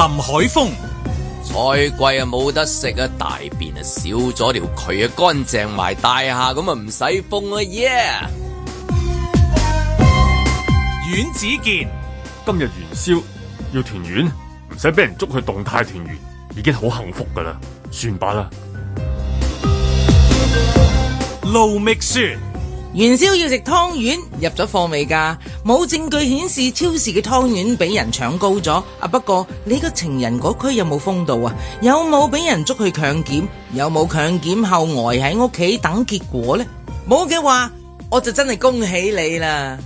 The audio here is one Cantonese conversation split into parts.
林海峰，菜貴啊冇得食啊，大便啊少咗條渠啊，佢啊乾淨埋大廈，咁啊唔使封啊耶。阮子健，今日元宵要團圓，唔使俾人捉去動態團圓，已經好幸福噶啦，算罷啦。盧覓雪。元宵要食湯圓，入咗貨未㗎？冇證據顯示超市嘅湯圓俾人搶高咗啊！不過你個情人嗰區有冇風度啊？有冇俾人捉去強檢？有冇強檢後呆喺屋企等結果呢？冇嘅話，我就真係恭喜你啦！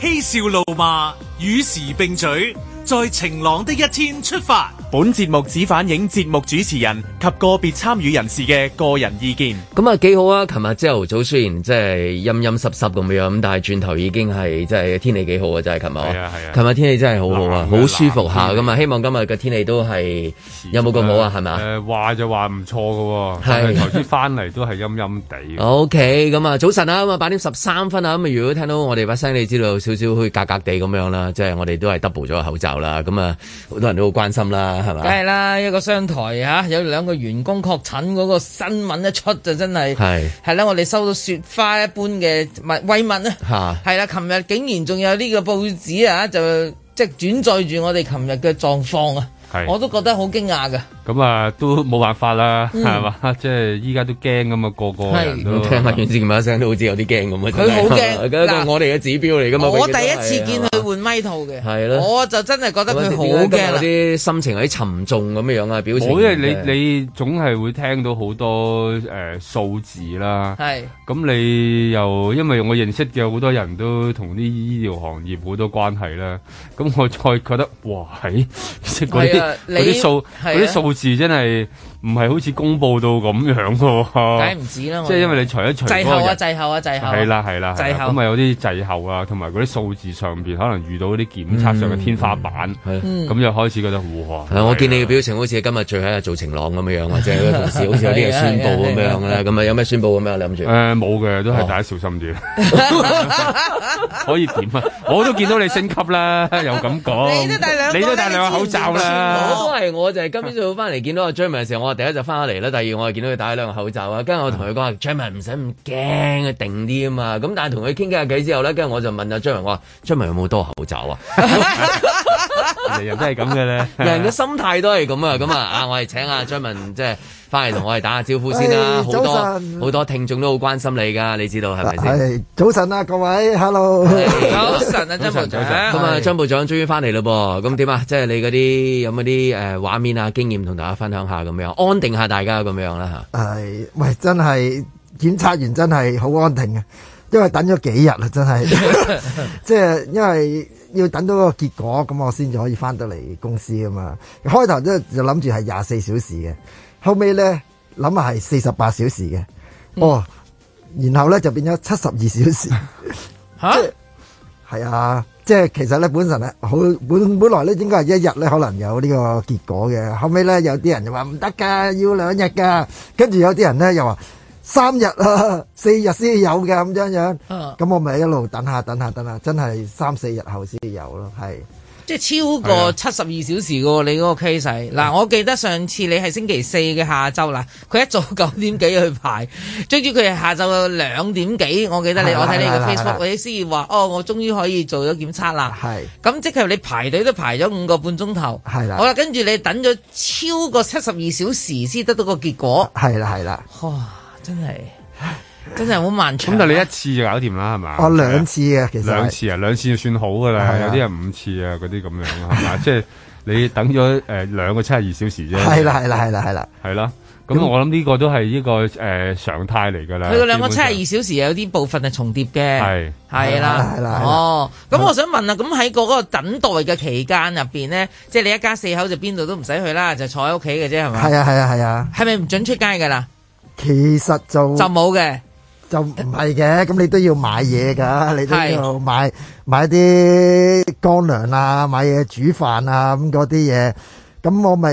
嬉笑怒罵與時並舉，在晴朗的一天出發。本節目只反映節目主持人及個別參與人士嘅個人意見。咁啊幾好啊！琴日朝頭早雖然即係陰陰濕濕咁樣，咁但係轉頭已經係即係天氣幾好啊！真係琴日，琴日、啊啊、天氣真係好好啊，好、啊、舒服下咁啊，希望今日嘅天氣都係、啊、有冇咁好啊？係咪？誒、呃、話就話唔錯噶，但係頭先翻嚟都係陰陰地。O K，咁啊早晨啊，咁啊八點十三分啊，咁啊如果聽到我哋把聲，你知道少少去格格地咁樣啦，即、就、係、是、我哋都係 double 咗個口罩啦，咁啊好多人都好關心啦、啊。梗係啦，一個商台吓，有兩個員工確診，嗰個新聞一出就真係係係啦，我哋收到雪花一般嘅慰問啊，係啦，琴日竟然仲有呢個報紙啊，就即係轉載住我哋琴日嘅狀況啊。我都覺得好驚訝噶，咁啊都冇辦法啦，係、嗯、嘛，即係依家都驚咁啊，個個人都聽麥咁先聲都好似有啲驚咁啊。佢好驚我哋嘅指標嚟噶嘛。我第一次見佢換咪 i 嘅，係咯，我就真係覺得佢好驚啦。啲心情有啲沉重咁樣樣嘅表情，因為你你總係會聽到好多誒數、呃、字啦，係咁你又因為我認識嘅好多人都同啲醫療行業好多關係啦，咁我再覺得哇、哎係嗰啲數啲數字真係唔係好似公布到咁樣嘅、啊，梗唔止啦。即係因為你除一除嗰個，滯後啊滯後啊滯後，係啦係啦，滯後咁啊有啲滯後啊，同埋嗰啲數字上邊可能遇到啲檢測上嘅天花板，咁、嗯啊嗯、就開始覺得胡汗、啊啊。我見你嘅表情好似今日最後一日做晴朗咁樣 樣啊，即係個同事好似有啲嘢宣布咁樣咧，咁啊有咩宣布咁啊？諗住誒冇嘅，都係大家小心啲，哦、 可以點啊？我都見到你升級啦，又咁講，你都戴兩，你都戴兩個口罩。 都我都係，我就係、是、今朝早翻嚟見到阿 Jammy 嘅時候，我第一就翻咗嚟啦。第二我啊見到佢戴咗兩個口罩啊，跟住我同佢講：阿 Jammy 唔使咁驚，定啲啊嘛。咁但係同佢傾幾下偈之後咧，跟住我就問阿 Jammy 我話 Jammy 有冇多口罩啊？ 又真係咁嘅咧，人嘅心態都係咁啊，咁啊，啊，我哋請阿張文即係翻嚟同我哋打下招呼先啦、啊，好、哎、多好多聽眾都好關心你噶，你知道係咪先？早晨啊，各位，hello， 哎、早晨啊，張部長，咁啊，張、 啊、部長終於翻嚟咯噃，咁、哎、點啊？即、就、係、是、你嗰啲有冇啲誒畫面啊，經驗同大家分享下咁樣，安定下大家咁樣啦吓。誒、哎，喂，真係檢測完真係好安定啊，因為等咗幾日啦，真係，即 係、 就是、因為。要等到嗰個結果咁，我先至可以返到嚟公司㗎嘛。開頭咧就諗住係廿四小時嘅，後尾咧諗下係四十八小時嘅哦，然後咧就變咗七十二小時嚇。係啊，即係其實咧，本身咧好本本來咧應該係一日咧，可能有呢個結果嘅。後尾咧有啲人就話唔得噶，要兩日噶，跟住有啲人咧又話。三日，四日先有嘅咁樣樣。咁、啊、我咪一路等下，等下，等下，真係三四日後先有咯。係，即係超過七十二小時喎。你嗰個 case 嗱，我記得上次你係星期四嘅下晝啦，佢一早九點幾去排，終於佢係下晝兩點幾。我記得你，我睇你個 Facebook，你先話哦，我終於可以做咗檢測啦。係，咁即係你排隊都排咗五個半鐘頭。係啦，好啦，跟住你等咗超過七十二小時先得到個結果。係啦，係啦，真係真係好漫長。咁但你一次就搞掂啦，係嘛？我、哦、兩次啊，其實兩次啊，兩次就算好噶啦、啊。有啲人五次啊，嗰啲咁樣、 呃、啊，即係你等咗誒兩個七十二小時啫。係、呃、啦，係啦，係啦，係啦，係啦。咁我諗呢個都係呢個誒常態嚟噶啦。佢兩個七十二小時有啲部分係重疊嘅，係係啦，係啦、啊啊啊。哦，咁我想問啊，咁喺嗰個等待嘅期間入邊咧，即係你一家四口就邊度都唔使去啦，就坐喺屋企嘅啫，係咪？係啊，係啊，係啊。係咪唔准出街噶啦？其實就就冇嘅，就唔係嘅。咁你都要買嘢噶、嗯，你都要買買啲乾糧啊，買嘢煮飯啊咁嗰啲嘢。咁我咪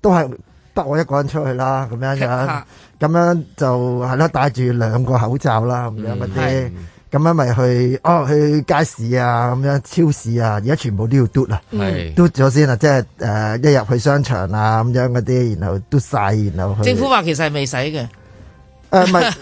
都係得我一個人出去啦。咁樣樣，咁樣就係咯，戴住兩個口罩啦，咁樣嗰啲。咁樣咪去哦，去街市啊，咁樣超市啊，而家全部都要嘟啦，嘟咗先啊，即係誒一入去商場啊咁樣嗰啲，然後嘟曬，然後去。政府話其實係未使嘅，誒唔係，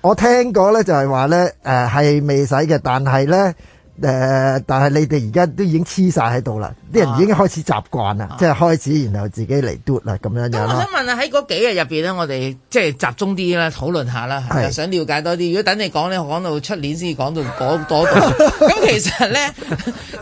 我聽過咧就係話咧，誒係未使嘅，但係咧。誒、呃，但係你哋而家都已經黐晒喺度啦，啲人已經開始習慣啦、啊，即係開始，然後自己嚟嘟啦咁樣樣啦、啊。啊、我想問啊，喺嗰幾日入邊咧，我哋即係集中啲啦，討論下啦，係，想了解多啲。如果等你講咧，講到出年先至講到嗰嗰度，咁其實咧，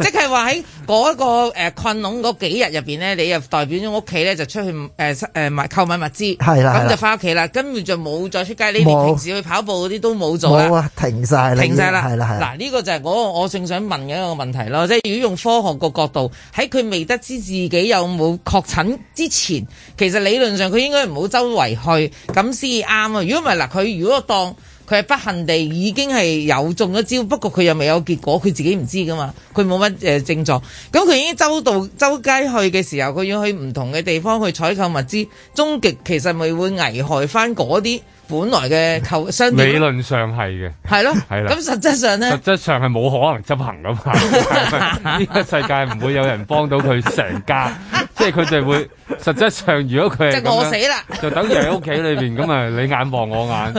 即係話喺。嗰、嗰個誒困籠嗰幾日入邊咧，你又代表咗屋企咧，就出去誒誒買購買物資係啦，咁就翻屋企啦，跟住就冇再出街。呢你平時去跑步嗰啲都冇做啦，啊，停晒啦，停晒啦，係啦，係嗱，呢個就係我我正想問嘅一個問題咯，即係如果用科學個角度，喺佢未得知自己有冇確診之前，其實理論上佢應該唔好周圍去咁先啱啊。如果唔係嗱，佢如果當佢係不幸地已經係有中咗招，不過佢又未有結果，佢自己唔知㗎嘛，佢冇乜誒症狀。咁佢已經周到周街去嘅時候，佢要去唔同嘅地方去採購物資，終極其實咪會危害翻嗰啲。本來嘅構想，理論上係嘅，係咯，係啦。咁實質上咧，實質上係冇可能執行噶嘛。呢 個世界唔會有人幫到佢成家， 即係佢就會實質上，如果佢係，就餓死啦，就等於喺屋企裏面咁啊！ 你眼望我眼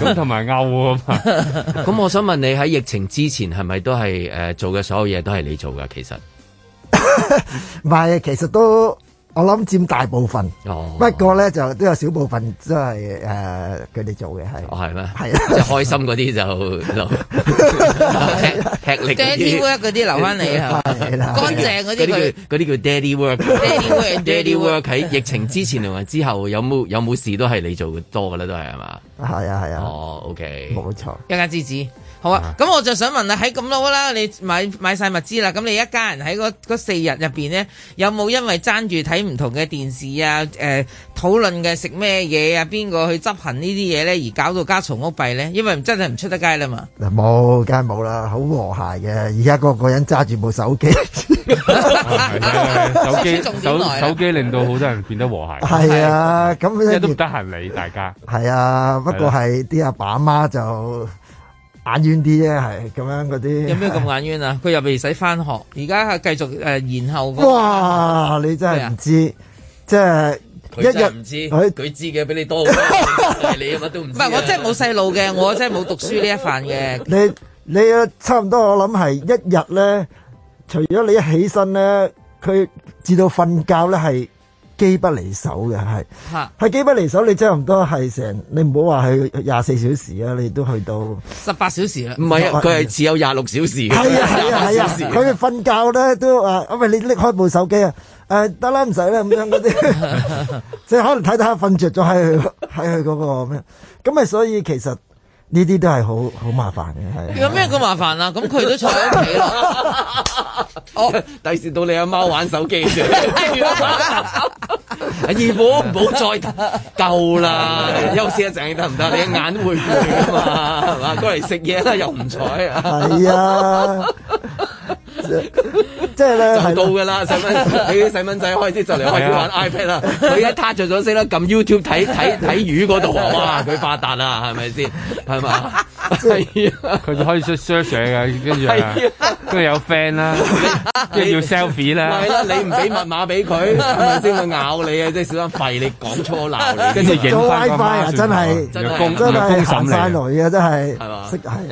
咁，同埋拗啊嘛。咁 我想問你喺疫情之前係咪都係、呃、做嘅所有嘢都係你做噶？其實唔係， 其實都。我諗佔大部分，哦、不過咧就都有少部分即係誒佢哋做嘅係，係咩？係、哦、啊，即係 開心嗰啲就，吃 吃力啲，dirty work 嗰啲留翻你，乾淨嗰啲佢，嗰啲叫 dirty work。dirty work dirty work 喺疫情之前同埋之後有冇有冇事都係你做多嘅咧，都係係嘛？係啊係啊。 哦，OK，冇錯，一家之主。好啊，咁我就想問啦，喺咁多啦，你買買晒物資啦，咁你一家人喺嗰四日入邊咧，有冇因為爭住睇唔同嘅電視啊？誒、呃，討論嘅食咩嘢啊？邊個去執行呢啲嘢咧？而搞到家嘈屋閉咧？因為真係唔出得街啦嘛。冇梗係冇啦，好和諧嘅。而家個個人揸住部手機， 手機手手機令到好多人變得和諧。係啊，咁都唔得閒理大家。係啊，不過係啲阿爸阿媽就。眼冤啲啫，係咁樣嗰啲。有咩咁眼冤啊？佢又未使翻學，而家繼續誒延後。哇！你真係唔知，即係一日唔知佢，佢知嘅比你多。你乜都唔知。唔係我真係冇細路嘅，我真係冇讀書呢一份嘅。你你啊，差唔多我諗係一日咧，除咗你一起身咧，佢至到瞓覺咧係。機不離手嘅，係，係機不離手，你即係唔多係成，你唔好話係廿四小時啊，你都去到十八小時啦。唔係啊，佢係只有廿六小時。係啊係啊係啊，佢瞓覺咧都話，喂、啊啊啊，你拎開一部手機啊，誒得啦唔使啦咁樣嗰啲，即係 可能睇睇下瞓着咗喺佢喺佢嗰個咩，咁咪所以其實。呢啲都係好好麻煩嘅，係。有咩咁麻煩啊？咁佢都坐喺屋企啦。我第時到你阿媽玩手機先。阿 二寶唔好再，夠 啦夠了， 休息一陣得唔得？ 你眼都會攰嘅嘛，係嘛？過嚟食嘢啦，又唔睬。啊。 係啊。 即係就到噶啦，細蚊俾啲細蚊仔開始就嚟開始玩 iPad 啦。佢而家 touch 著咗先啦，撳 YouTube 睇睇睇魚嗰度啊，哇！佢發達 是啊，係咪先？係嘛？係啊，佢就可以 search 嘢嘅，跟住跟住有 friend 啦，即係、啊、要 selfie 啦、啊。係啦、啊，你唔俾密碼俾佢，係咪先？佢會咬你， 你，你啊！即係小心廢你，講錯鬧你，跟住影翻個 WiFi 啊！真係真係，真係行晒女啊！真係係嘛？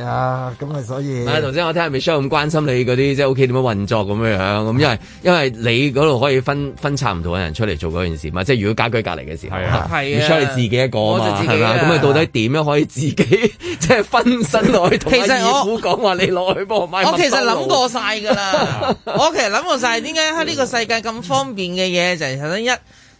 係啊，咁啊，所以。啊，頭先我聽下 Michelle 咁關心你嗰啲即係點樣運作咁樣樣咁，因為因為你嗰度可以分分拆唔同嘅人出嚟做嗰件事嘛。即係如果家居隔離嘅時候，係啊，唔需要你自己一個係啊。咁你到底點樣可以自己即係、就是、分身落去？ 其實我講話你落去幫我我其實諗過晒噶啦。我其實諗過晒，點解喺呢個世界咁方便嘅嘢，就係頭先一。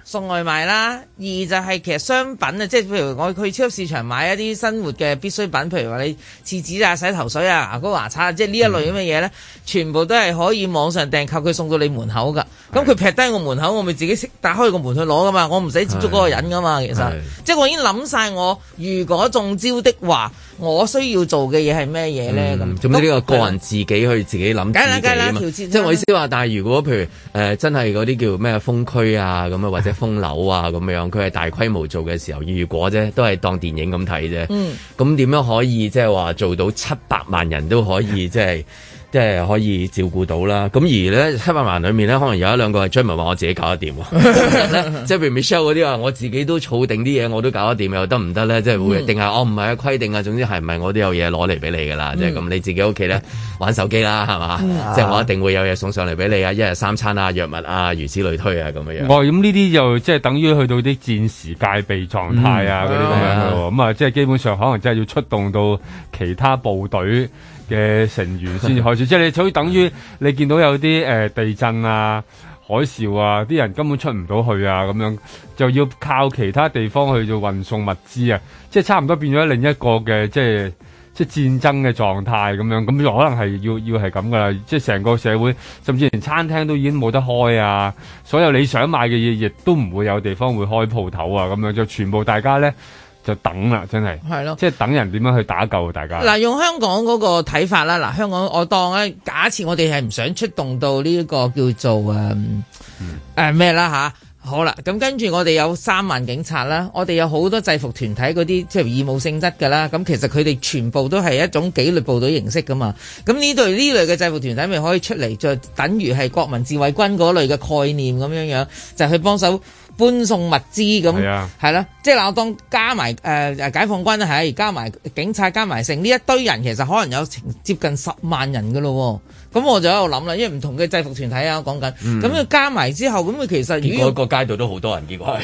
送外賣啦，二就係其實商品啊，即係譬如我去超級市場買一啲生活嘅必需品，譬如話你廁紙啊、洗頭水啊、牙膏、牙刷啊，即係呢一類咁嘅嘢呢，嗯、全部都係可以網上訂購，佢送到你門口噶。咁佢劈低我門口，我咪自己識打開個門去攞噶嘛，我唔使接觸嗰個人噶嘛。其實，是即係我已經諗晒我如果中招的話。我需要做嘅嘢係咩嘢咧？咁、嗯，咁呢個個人自己去自己諗自己啊嘛。即係我意思話，但係如果譬如誒、呃、真係嗰啲叫咩封區啊咁啊，或者封樓啊咁樣，佢係大規模做嘅時候，如果啫都係當電影咁睇啫。咁、嗯、點樣可以即係話做到七百萬人都可以即係？嗯就是即係可以照顧到啦，咁而咧黑百萬裏面咧，可能有一兩個係專 i m 話我自己搞得掂喎， 即係譬如 Michelle 嗰啲啊，我自己都儲定啲嘢，我都搞得掂，又得唔得咧？即係會定係我唔係規定啊，總之係唔係我都有嘢攞嚟俾你噶啦、嗯，即係咁你自己屋企咧玩手機啦，係嘛、嗯啊？即係我一定會有嘢送上嚟俾你啊，一日三餐啊，藥物啊，如此類推啊，咁樣樣。哦，咁呢啲就即係等於去到啲戰時戒備狀態啊，嗰啲咁樣咁啊，即、啊、係基本上可能真係要出動到其他部隊。嘅成員先至開始，即係你，所以等於你見到有啲、呃、地震啊、海嘯啊，啲人根本出唔到去啊，咁樣就要靠其他地方去做運送物資啊，即係差唔多變咗另一個嘅即係即係戰爭嘅狀態咁樣，咁就可能係要要係咁噶啦，即係成個社會甚至連餐廳都已經冇得開啊，所有你想買嘅嘢亦都唔會有地方會開鋪頭啊，咁樣就全部大家呢。就等啦，真係係咯，即係等人點樣去打救大家。嗱，用香港嗰個睇法啦，嗱，香港我當咧假設我哋係唔想出動到呢個叫做誒誒咩啦吓，啊，好啦，咁跟住我哋有三萬警察啦，我哋有好多制服團體嗰啲即係義務性質㗎啦，咁其實佢哋全部都係一種紀律部隊形式㗎嘛，咁呢對呢類嘅制服團體咪可以出嚟就等於係國民自衛軍嗰類嘅概念咁樣樣，就去幫手。搬送物資咁，係啦，即係嗱，我當加埋誒、呃、解放軍，係加埋警察加埋剩呢一堆人，其實可能有接近十萬人嘅咯。咁我就喺度諗啦，因為唔同嘅制服團體啊，我講緊，咁、嗯、佢加埋之後，咁佢其實如果個街道都好多人，結果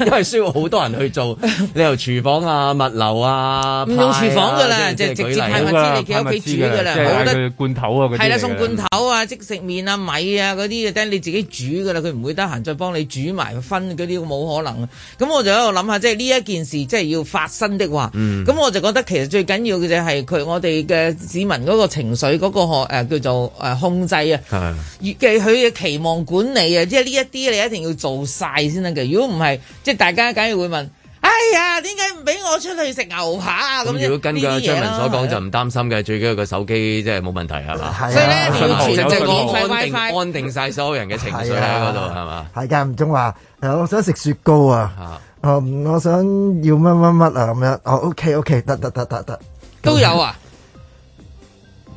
係 因為需要好多人去做，你由廚房啊、物流啊，唔用廚房噶啦，即係、啊就是、直接派埋啲你自己煮噶啦，冇得罐頭啊，係啦、啊，送罐頭啊、即食麵啊、米啊嗰啲，等你自己煮噶啦，佢唔會得閒再幫你煮埋分嗰啲，冇可能。咁我就喺度諗下，即係呢一件事，即、就、係、是、要發生的話，咁、嗯、我就覺得其實最緊要嘅就係佢我哋嘅市民嗰個情緒。水、那、嗰個學、啊、叫做誒、啊、控制啊，預計佢嘅期望管理啊，即係呢一啲你一定要做晒先得嘅。如果唔係，即係大家梗係會問，哎呀，點解唔俾我出去食牛扒啊？咁樣如果根據張文所講就唔擔心嘅，的最緊要個手機即係冇問題係嘛？所以咧，其實即係安定曬所有人嘅情緒喺嗰度係嘛？係間唔中話，我想食雪糕啊，嗯，我想要乜乜乜啊咁樣，OK OK，得得得得得，都有啊。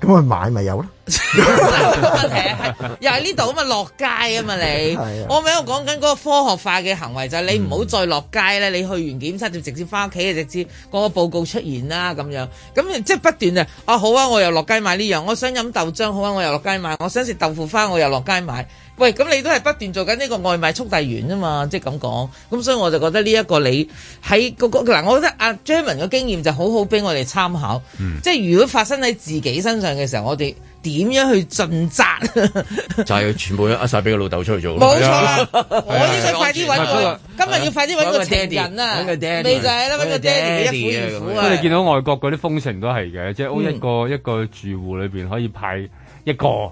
咁佢買咪有咯？ 又係呢度咁啊，落街啊嘛你。我咪我講緊嗰個科學化嘅行為就係你唔好再落街咧，嗯，你去完檢測就直接翻屋企啊，直接個報告出現啦咁樣。咁即係不斷啊！啊好啊，我又落街買呢樣，我想飲豆漿好啊，我又落街買，我想食豆腐花我又落街買。喂，咁你都係不斷做緊呢個外賣速遞員啊嘛，即係咁講，咁所以我就覺得呢一個你喺個個嗱，我覺得阿、啊、Jerman 嘅經驗就好好俾我哋參考，嗯、即係如果發生喺自己身上嘅時候，我哋點樣去盡責？就係要全部呃晒俾個老豆出去做。冇錯、啊啊 啊，我應該快啲搵個，今日要快啲搵個情人啊你就係啦，揾、那個爹地，啊那個、爹地一夫二婦咁你見到外國嗰啲風情都係嘅，即、就、係、是、一個、嗯、一個住戶裏邊可以派一個。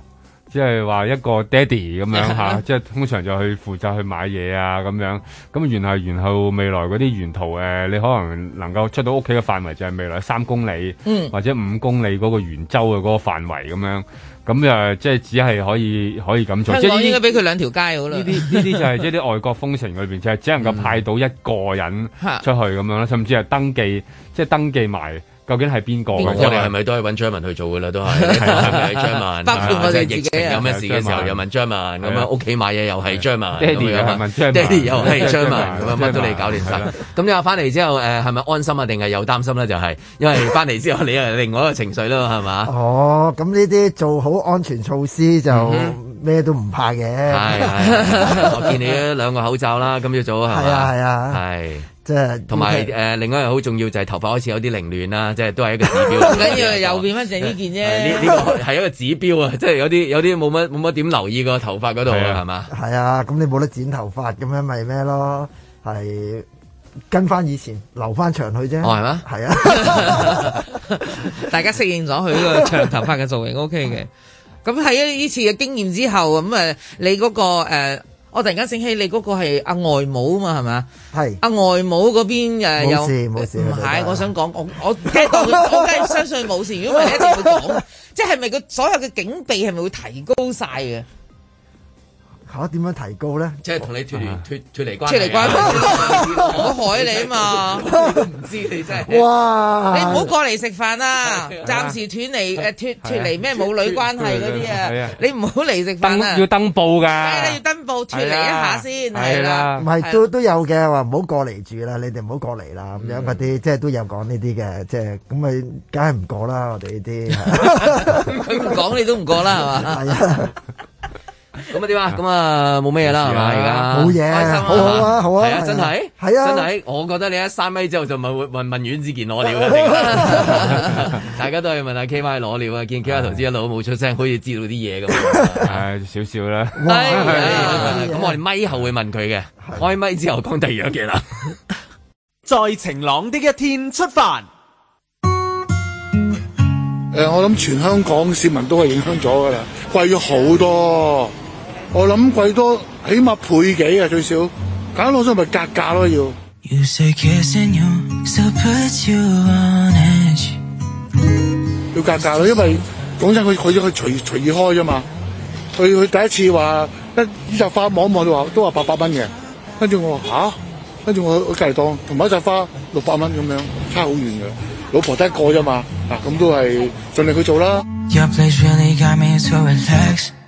即係話一個爹地咁樣嚇，即係通常就去負責去買嘢啊咁樣。咁然後然後未來嗰啲沿途誒，你可能能夠出到屋企嘅範圍就係未來三公里，嗯，或者五公里嗰個圓周嘅嗰個範圍咁樣。咁誒，即係只係可以可以咁做。即係我應該俾佢兩條街好啦。呢啲呢啲就係即係啲外國封城裏邊就係只能夠派到一個人出去咁樣啦，甚至係登記即係登記埋。究竟係邊個？我哋係咪都係揾張文去做噶啦？都係，係張文，疫情有咩事嘅時候又問張文。咁樣？屋企買嘢又係張文。爹哋爹哋又係張文。咁樣？都你搞掂晒。咁你話翻嚟之後誒，係咪安心啊？定係又擔心咧？就係因為翻嚟之後 你又另外一個情緒啦，係嘛？哦，咁呢啲做好安全措施就咩都唔怕嘅。係 啊，我見你兩個口罩啦，咁朝早係啊，係啊，係。即係同埋誒，另外一個好重要就係頭髮開始有啲凌亂啦，即係都係一個指標。唔緊要，又變翻成呢件啫。呢個係一個指標 啊，即係有啲有啲冇乜冇乜點留意個頭髮嗰度啊，係嘛？係啊，咁你冇得剪頭髮咁樣，咪咩咯？係跟翻以前留翻長去啫，係、哦、嘛？係啊， 大家適應咗佢呢個長頭髮嘅造型，O K 嘅。咁喺呢次嘅經驗之後，咁誒、嗰個，你嗰個誒。我突然間醒起，你嗰個係阿外母啊嘛，係咪啊？係阿外母嗰邊誒有，唔係我想講我我，我梗係 相信冇事，如果唔係一定會講。即係咪個所有嘅警備係咪會提高晒嘅？吓，點樣提高咧？即係同你脫脫脫離關，脫離關係，我害你啊嘛！唔知你真係哇！你唔好過嚟食飯啦，暫時斷離誒，脫脫離咩母女關係嗰啲啊！你唔好嚟食飯啊！要登報㗎，係啦，你要登報脫離一下先係啦。唔係都都有嘅話，唔好過嚟住啦，你哋唔好過嚟啦咁樣嗰啲，即係都有講呢啲嘅，即係咁咪梗係唔講啦！我哋呢啲佢唔講，你都唔講啦，係嘛？咁啊點啊？咁啊冇咩嘢啦嘛而家，冇嘢，開心啊，好啊，好啊，係啊，啊，啊，啊，真係，係啊，真係，我覺得你一閂咪之後就唔會問問阮子健攞料嘅，大家都係問阿 K y 攞料啊，見 K y 頭先一路冇出聲，好似知道啲嘢咁，係少少啦，係、啊，咁我哋咪後會問佢嘅、啊，開咪之後講第二樣嘢啦，在晴朗的一天出發。誒、呃，我諗全香港市民都係影響咗噶啦，貴咗好多。我諗貴多起碼倍幾啊最少，搞老我咪格價咯，要，要格價咯，so，因為講真佢佢咗佢隨隨意開啫嘛。佢佢第一次話一看一扎，啊、花，望一望就話都話八百蚊嘅，跟住我話吓，跟住我我隔籬檔同埋一紮花六百蚊咁樣，差好遠嘅。老婆得一個啫嘛，嗱、啊、咁都係盡力去做啦。Your place really got me to relax.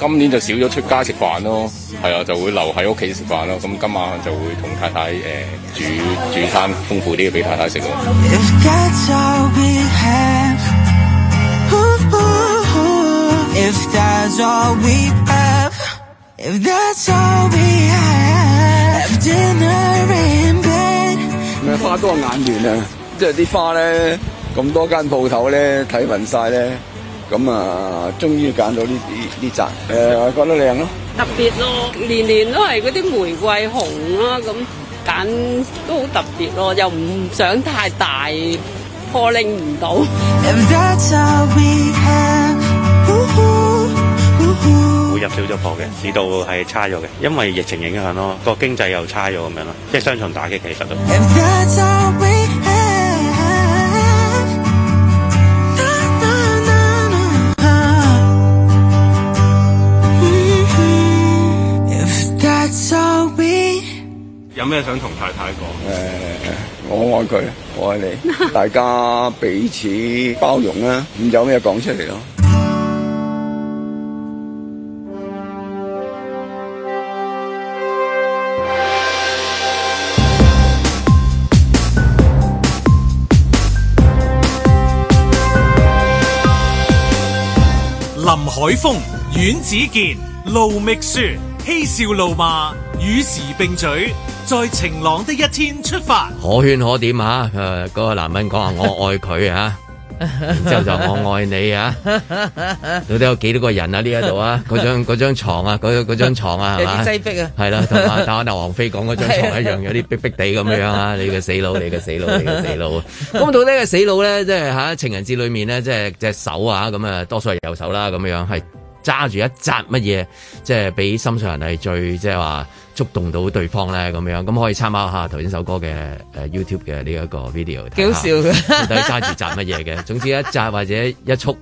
今年就少咗出街食飯咯，係啊，就會留喺屋企食飯咯。咁今晚就會同太太誒、呃、煮煮餐豐富啲嘅俾太太食咯。咁啊，花多眼亂啊，即係啲花咧，咁多間鋪頭咧，睇勻曬咧。咁啊，終於揀到呢啲呢紮，誒，我覺得靚咯，特別咯，年年都係嗰啲玫瑰紅啦，咁揀都好特別咯，又唔想太大，破拎唔到。會入少咗貨嘅，市道係差咗嘅，因為疫情影響咯，個經濟又差咗咁樣咯，即係雙重打擊其實都。So、有咩想同太太講？誒、欸，我愛佢，我愛你， 大家彼此包容啦，咁有咩講出嚟咯？林海峰、阮子健、盧覓雪。嬉笑怒罵，與時並嘴，在晴朗的一天出發，可圈可點啊。誒、嗰、嗰個男人講話，我愛佢 啊，然之後就 我愛你啊。 到底有幾多個人啊？呢一度啊，嗰張嗰張床啊，嗰張床啊，係 嘛是吧？擠逼啊，係啦，同阿同阿王菲講嗰張床一樣， 有啲逼逼地咁樣樣啊！你個死佬，你個死佬，你個死佬。咁 到底呢個死佬咧，即係吓，情人節裏面咧，即係隻手啊，咁啊，多數係右手啦，咁樣樣係。揸住一紮乜嘢，即係俾心上人係最即係話觸動到對方咧咁樣，咁可以參考一下頭先首歌嘅、呃、YouTube 嘅呢一個 video 看看。搞笑嘅，到底揸住紮乜嘢嘅？總之一紮或者一束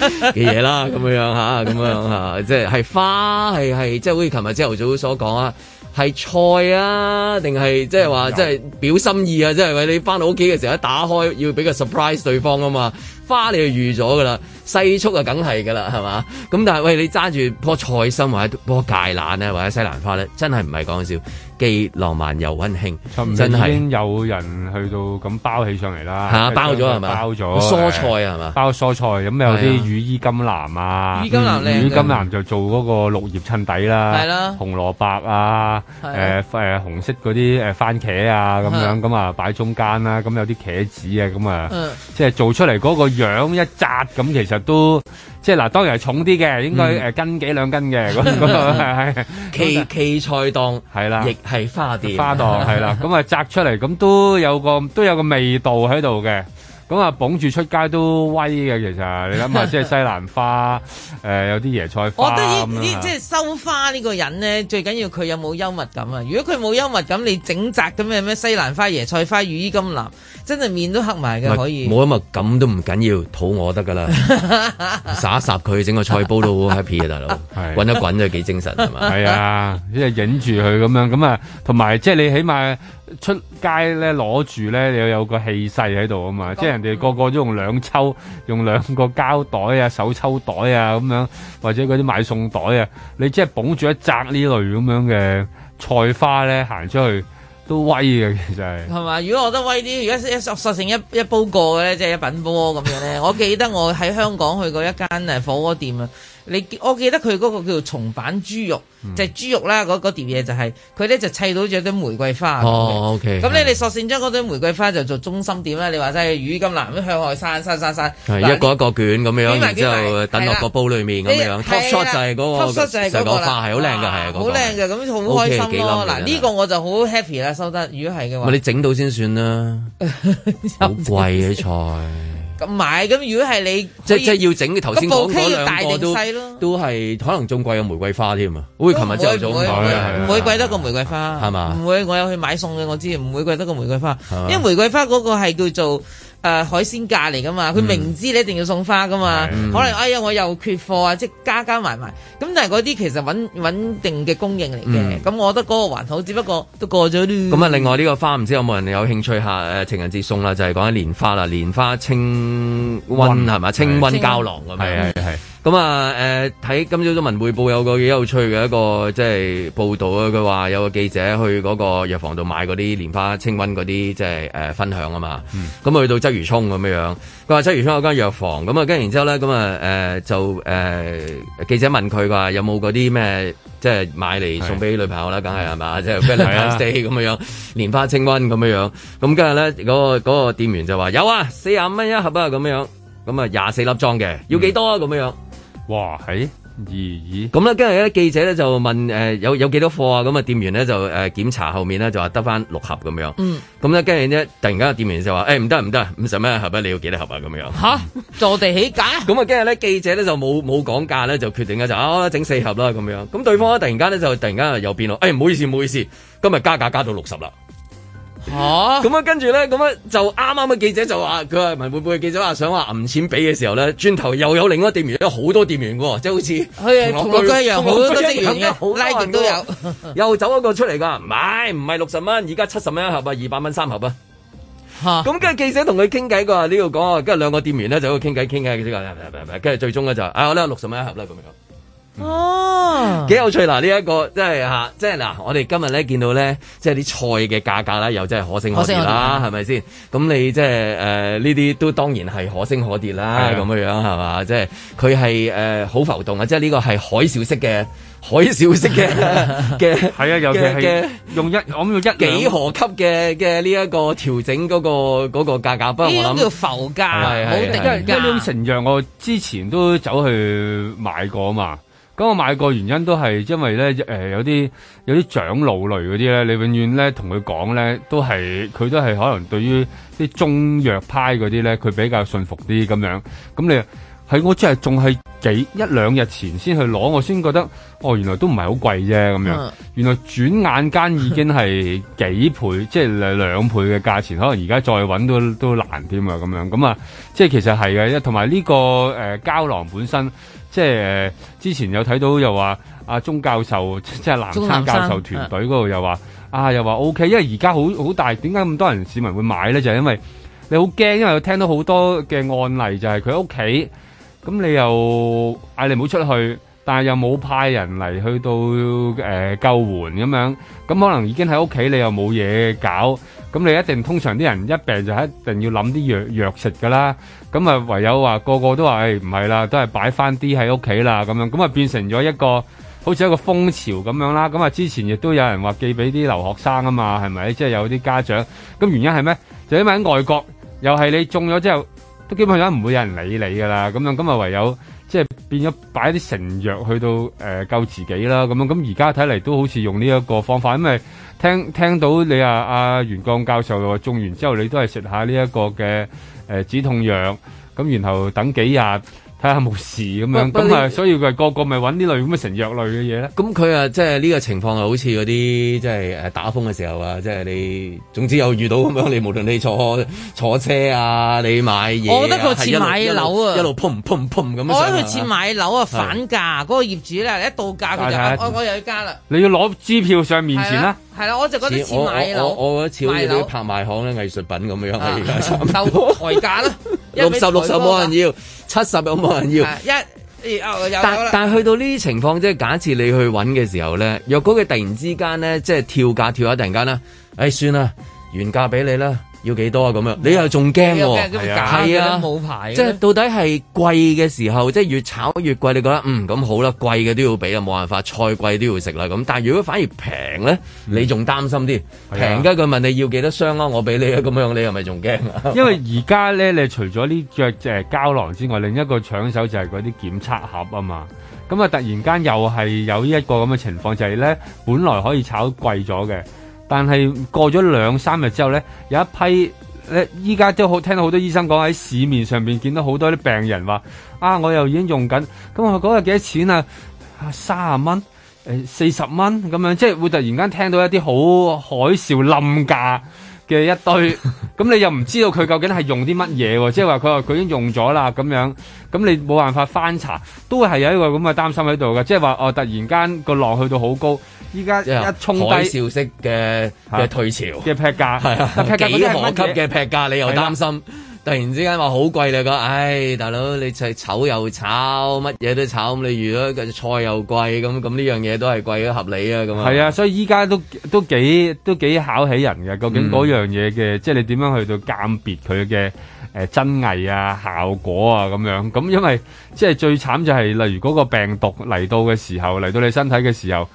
嘅嘢啦，咁樣嚇，咁樣嚇，即係係花，係係即係好似琴日朝頭早所講啊，係菜啊，定係即係話即係表心意啊？即係話你翻到屋企嘅時候一打開要俾個 surprise 對方啊嘛，花你就預咗噶啦。細速啊，梗係㗎喇，係嘛？咁但係，喂，你揸住棵菜心或者棵芥蘭咧，或者西蘭花咧，真係唔係講笑。既浪漫又溫馨，差唔多，真係有人去到咁包起上嚟啦，嚇包咗係嘛，包咗蔬菜係嘛，包蔬菜咁有啲羽衣甘藍啊，羽衣甘藍就做嗰個綠葉襯底啦，係啦，紅蘿蔔啊，誒誒紅色嗰啲誒番茄啊咁樣咁啊擺中間啦，咁有啲茄子啊咁啊，即係做出嚟嗰個樣一扎咁，其實都。即係嗱，當然係重啲嘅，應該誒斤、嗯呃、幾兩斤嘅嗰嗰個 奇奇菜檔係啦，亦係花店 花檔係啦，咁、嗯、啊摘出嚟咁、嗯、都有個都有個味道喺度嘅，咁啊捧住出街都威嘅。其實你諗下，即係西蘭花誒、 呃，有啲椰菜花我覺得呢呢即係收花呢個人咧，最緊要佢有冇幽默感啊！如果佢冇幽默感，默感 你整紮咁嘅咩西蘭花、椰菜花、羽衣甘藍。真係面都黑埋嘅，可以冇啊嘛，咁都唔緊要，肚餓得噶啦，撒一撒佢整個菜煲都好 happy 嘅，大佬，滾一滾就幾精神係嘛？係啊，即係影住佢咁樣，咁啊，同埋即係你起碼出街咧攞住咧，你要有個氣勢喺度啊嘛！即係人哋個個都用兩抽，用兩個膠袋啊、手抽袋啊咁樣，或者嗰啲買餸袋啊，你即係捧住一扎呢類咁樣嘅菜花咧行出去。都威嘅，其實係。係嘛？如果我覺得威啲，如果實一實成一一煲過嘅咧，即係一品煲咁樣咧， 我記得我喺香港去過一間誒火鍋店啊。你我記得佢嗰個叫做松阪豬肉，嗯、就係、是、豬肉啦，嗰嗰碟嘢就係、是、佢呢就砌到咗堆玫瑰花。哦，OK。咁你你索性將嗰堆玫瑰花就做中心點啦。你話真係魚金籃向外山山山山，山，一個一個卷咁樣，樣，然之後等落個煲裡面咁樣。top shot 就係嗰、那個，top shot 就係嗰、那個啦。係好靚㗎，係啊，好靚㗎，咁好開心咯。嗱呢、啊啊那個 okay, 那個那個我就好 happy 啦，收得。如果係嘅話，咪你整到先算啦， 好貴嘅的菜。 咁買，咁如果係你，即即要整頭先講嗰兩個都都係可能仲貴過玫瑰花添啊！之後會琴日就唔會貴得個玫瑰花係嘛？唔會，我有去買餸嘅，我知唔會貴得個玫瑰花，玫瑰花，玫瑰花，因為玫瑰花嗰個係叫做。誒、呃、海鮮價嚟噶嘛，佢明知你一定要送花噶嘛、嗯，可能哎呀我又缺貨啊，即加加埋埋咁，但係嗰啲其實穩穩定嘅供應嚟嘅，咁、嗯、我覺得嗰個還好，只不過都過咗啲。咁啊，另外呢個花唔知有冇人有興趣下？誒、呃、情人節送啦，就係、是、講緊蓮花啦，蓮花清瘟，係咪？清瘟膠囊係係係。嗯咁啊，誒睇今朝早《文匯報》有個幾有趣嘅一個即係報導啊！佢話有個記者去嗰個藥房度買嗰啲蓮花清瘟嗰啲即係誒分享啊嘛。咁、嗯、啊去到鰂魚湧咁樣樣，佢話鰂魚湧有間藥房。咁啊跟住然之後咧，咁啊、呃、就誒、呃、記者問佢話有冇嗰啲咩即係買嚟送俾女朋友啦，梗係係嘛，即係 Valentine Day 咁樣樣，蓮花清瘟咁樣樣。咁跟住咧，嗰、那個嗰、那個店員就話有啊，四廿五蚊一盒啊，咁樣樣。咁啊廿四粒裝嘅，要幾多啊？咁樣樣。哇，喺二咦咁啦，跟住咧記者咧就問，誒、呃、有有幾多貨啊？咁啊店員咧就誒檢、呃、查後面咧就話得翻六盒咁樣。嗯，咁咧跟住咧突然間店員就話，誒唔得唔得，五十蚊一盒啊，你要幾多盒啊？咁樣吓坐地起價。咁啊跟住咧記者咧就冇冇講價咧，就決定咧就啊整四盒啦咁樣。咁對方咧突然間咧就突然間又變咯，誒、欸、唔好意思唔好意思，今日加價加到六十啦。啊！咁啊，跟住咧，咁啊，就啱啱嘅記者就話，佢話問會唔會記者話想話揾錢俾嘅時候咧，轉頭又有另一個店員，有好多店員喎，即係好似同我一樣好多職員嘅，好拉面都有，又走一個出嚟噶，唔係唔係六十蚊，而家七十蚊一盒，盒啊，二百蚊三盒啊，咁跟住記者同佢傾偈嘅話呢度講啊，跟住兩個店員咧就喺度傾偈傾偈，跟住最終嘅就啊，我咧六十蚊一盒啦，咁啊哦、嗯，幾有趣嗱！呢、這、一個即係吓，即係嗱、啊，我哋今日咧見到咧，即係啲菜嘅價格啦又真係可升可跌啦，係咪先？咁你即係誒呢啲都當然係可升可跌啦，咁嘅樣係嘛？即係佢係誒好浮動啊！即係呢個係海嘯式嘅海嘯式嘅嘅，係 啊，尤其係用一咁用一幾何級嘅嘅呢一個調整嗰、那個嗰、那個價格，呢啲叫浮價冇定價。呢種成藥我之前都走去買過啊嘛。咁我買個原因都係因為咧，誒、呃、有啲有啲長老類嗰啲咧，你永遠咧同佢講咧，都係佢都係可能對於啲中藥派嗰啲咧，佢比較信服啲咁樣。咁你喺我即係仲係幾一兩日前先去攞，我先覺得哦，原來都唔係好貴啫咁樣。原來轉眼間已經係幾倍， 即係兩倍嘅價錢，可能而家再搵都都難啲嘛咁樣。咁啊，即係其實係嘅，同埋呢個誒膠、呃、囊本身。即係之前有睇到又話阿鍾教授，即係南山教授團隊嗰度又話啊，又話 OK，因為而家好好大，點解咁多人市民會買呢？就係、是、因為你好驚，因為我聽到好多嘅案例，就係佢屋企咁，你又嗌你唔好出去，但係又冇派人嚟去到誒、呃、救援咁樣，咁可能已經喺屋企，你又冇嘢搞，咁你一定通常啲人一病就一定要諗啲藥藥食㗎啦。咁啊，唯有話個個都話，誒，唔係啦，都係擺翻啲喺屋企啦，咁樣，咁啊，變成咗一個好似一個風潮咁樣啦。咁啊，之前亦都有人話寄俾啲留學生啊嘛，係咪？即係有啲家長。咁原因係咩？就因為喺外國，又係你中咗之後，都基本上唔會有人理你噶啦。咁樣，咁啊，唯有即係變咗擺一啲成藥去到誒救自己啦。咁樣，咁而家睇嚟都好似用呢一個方法。因為聽聽到你阿阿袁剛教授話，中完之後你都係食下呢一個嘅。誒、呃、止痛藥，咁然後等幾日。睇下冇事咁樣，咁啊，所以佢個個咪揾呢類咁嘅成藥類嘅嘢咧。咁佢啊，即係呢個情況係，好似嗰啲即係誒打風嘅時候啊，即、就、係、是、你總之有遇到咁樣，你無論你坐坐車啊，你買嘢，啊，我覺得佢似買樓啊，啊，一路嘭嘭嘭咁樣。我覺得佢似買樓啊，反價，嗰、那個業主咧一度價佢又，我又要加啦。你要攞支票上面前啦。係啦，啊啊，我就覺得似買樓，我我覺得好似啲拍賣行咧藝術品咁樣啊，啊收台價啦，六十六十冇人要。七十有冇人要？一，但但去到呢啲情況，即係假設你去揾嘅時候呢，若果佢突然之間呢，即係跳價跳咗突然間啦，誒、哎，算啦，原價俾你啦。要幾多啊？咁樣、嗯、你又仲驚喎？係啊，冇、啊、牌。即係到底係貴嘅時候，即係越炒越貴，你覺得嗯，咁好啦，貴嘅都要俾啦，冇辦法，菜貴都要食啦。咁但係如果反而平咧、嗯，你仲擔心啲平嘅佢問你要幾多箱啊？我俾你啊，咁樣你又咪仲驚？因為而家咧，你除咗呢隻誒膠囊之外，另一個搶手就係嗰啲檢測盒啊嘛。咁啊，突然間又係有呢一個咁嘅情況，就係、是、咧本來可以炒貴咗嘅。但係過咗兩三日之後咧，有一批咧，依家都好聽到好多醫生講，喺市面上面見到好多啲病人話：啊，我又已經用緊，咁我嗰日幾多錢啊？啊，三十蚊，誒四十蚊咁樣，即係會突然間聽到一啲好海嘯冧價。嘅 一堆，咁你又唔知道佢究竟係用啲乜嘢喎？即係話佢話佢已經用咗啦咁樣，咁你冇辦法翻查，都係有一個咁嘅擔心喺度嘅。即係話哦，突然間個浪去到好高，依家一沖低，潮汐式嘅嘅退潮嘅，啊、劈價，係啊，劈價嗰啲幾何級嘅劈價，你又擔心。突然之間話好貴啦，講唉，大佬你炒又炒，乜嘢都炒，咁你如果嘅菜又貴，咁咁呢樣嘢都係貴都合理啊，咁樣係啊，所以依家都都幾都幾考起人嘅，究竟嗰樣嘢嘅，即係你點樣去到鑒別佢嘅誒真偽啊效果啊咁樣，咁因為即係最慘就係例如嗰個病毒嚟到嘅時候，嚟到你身體嘅時候。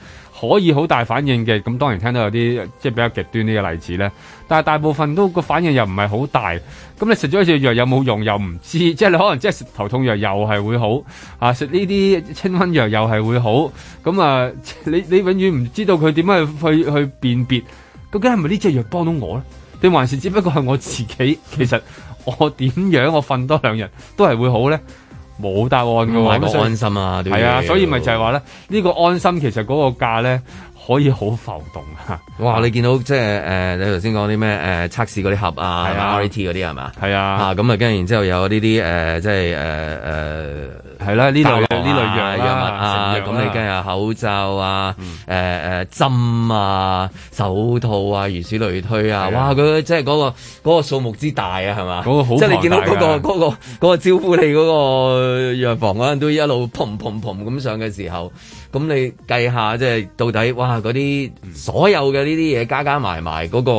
可以好大反應嘅，咁當然聽到有啲即係比較極端啲嘅例子咧，但係大部分都個反應又唔係好大，咁你食咗隻藥有冇用又唔知，即係你可能即係食頭痛藥又係會好，啊食呢啲清瘟藥又係會好，咁啊你你永遠唔知道佢點樣去去去辨別究竟係咪呢隻藥幫到我咧，定還是只不過係我自己其實我點樣我瞓多兩日都係會好咧？冇答案噶喎，買個安心啊，係啊，所以咪就係話咧，呢個安心其實嗰個價咧。可以好浮動啊！哇！你見到即係誒、呃，你頭先講啲咩誒？測試嗰啲盒啊，RIT 嗰啲係嘛？係啊！咁啊，跟住、啊啊、然之後有呢啲誒，即係誒誒，係、呃、啦，呢類呢類藥藥物啊，咁、啊啊啊啊啊、你跟住口罩啊，誒、嗯、誒、呃、針啊，手套啊，如此類推啊！啊哇！佢即係嗰、那個嗰、那個數目之大啊，係嘛？嗰、那個好即係你見到嗰、那個嗰、那個嗰、那個招呼你嗰個藥房嗰、啊、陣都一路砰砰砰咁上嘅時候。咁你計下，即係到底哇，嗰啲所有嘅呢啲嘢加加埋埋嗰個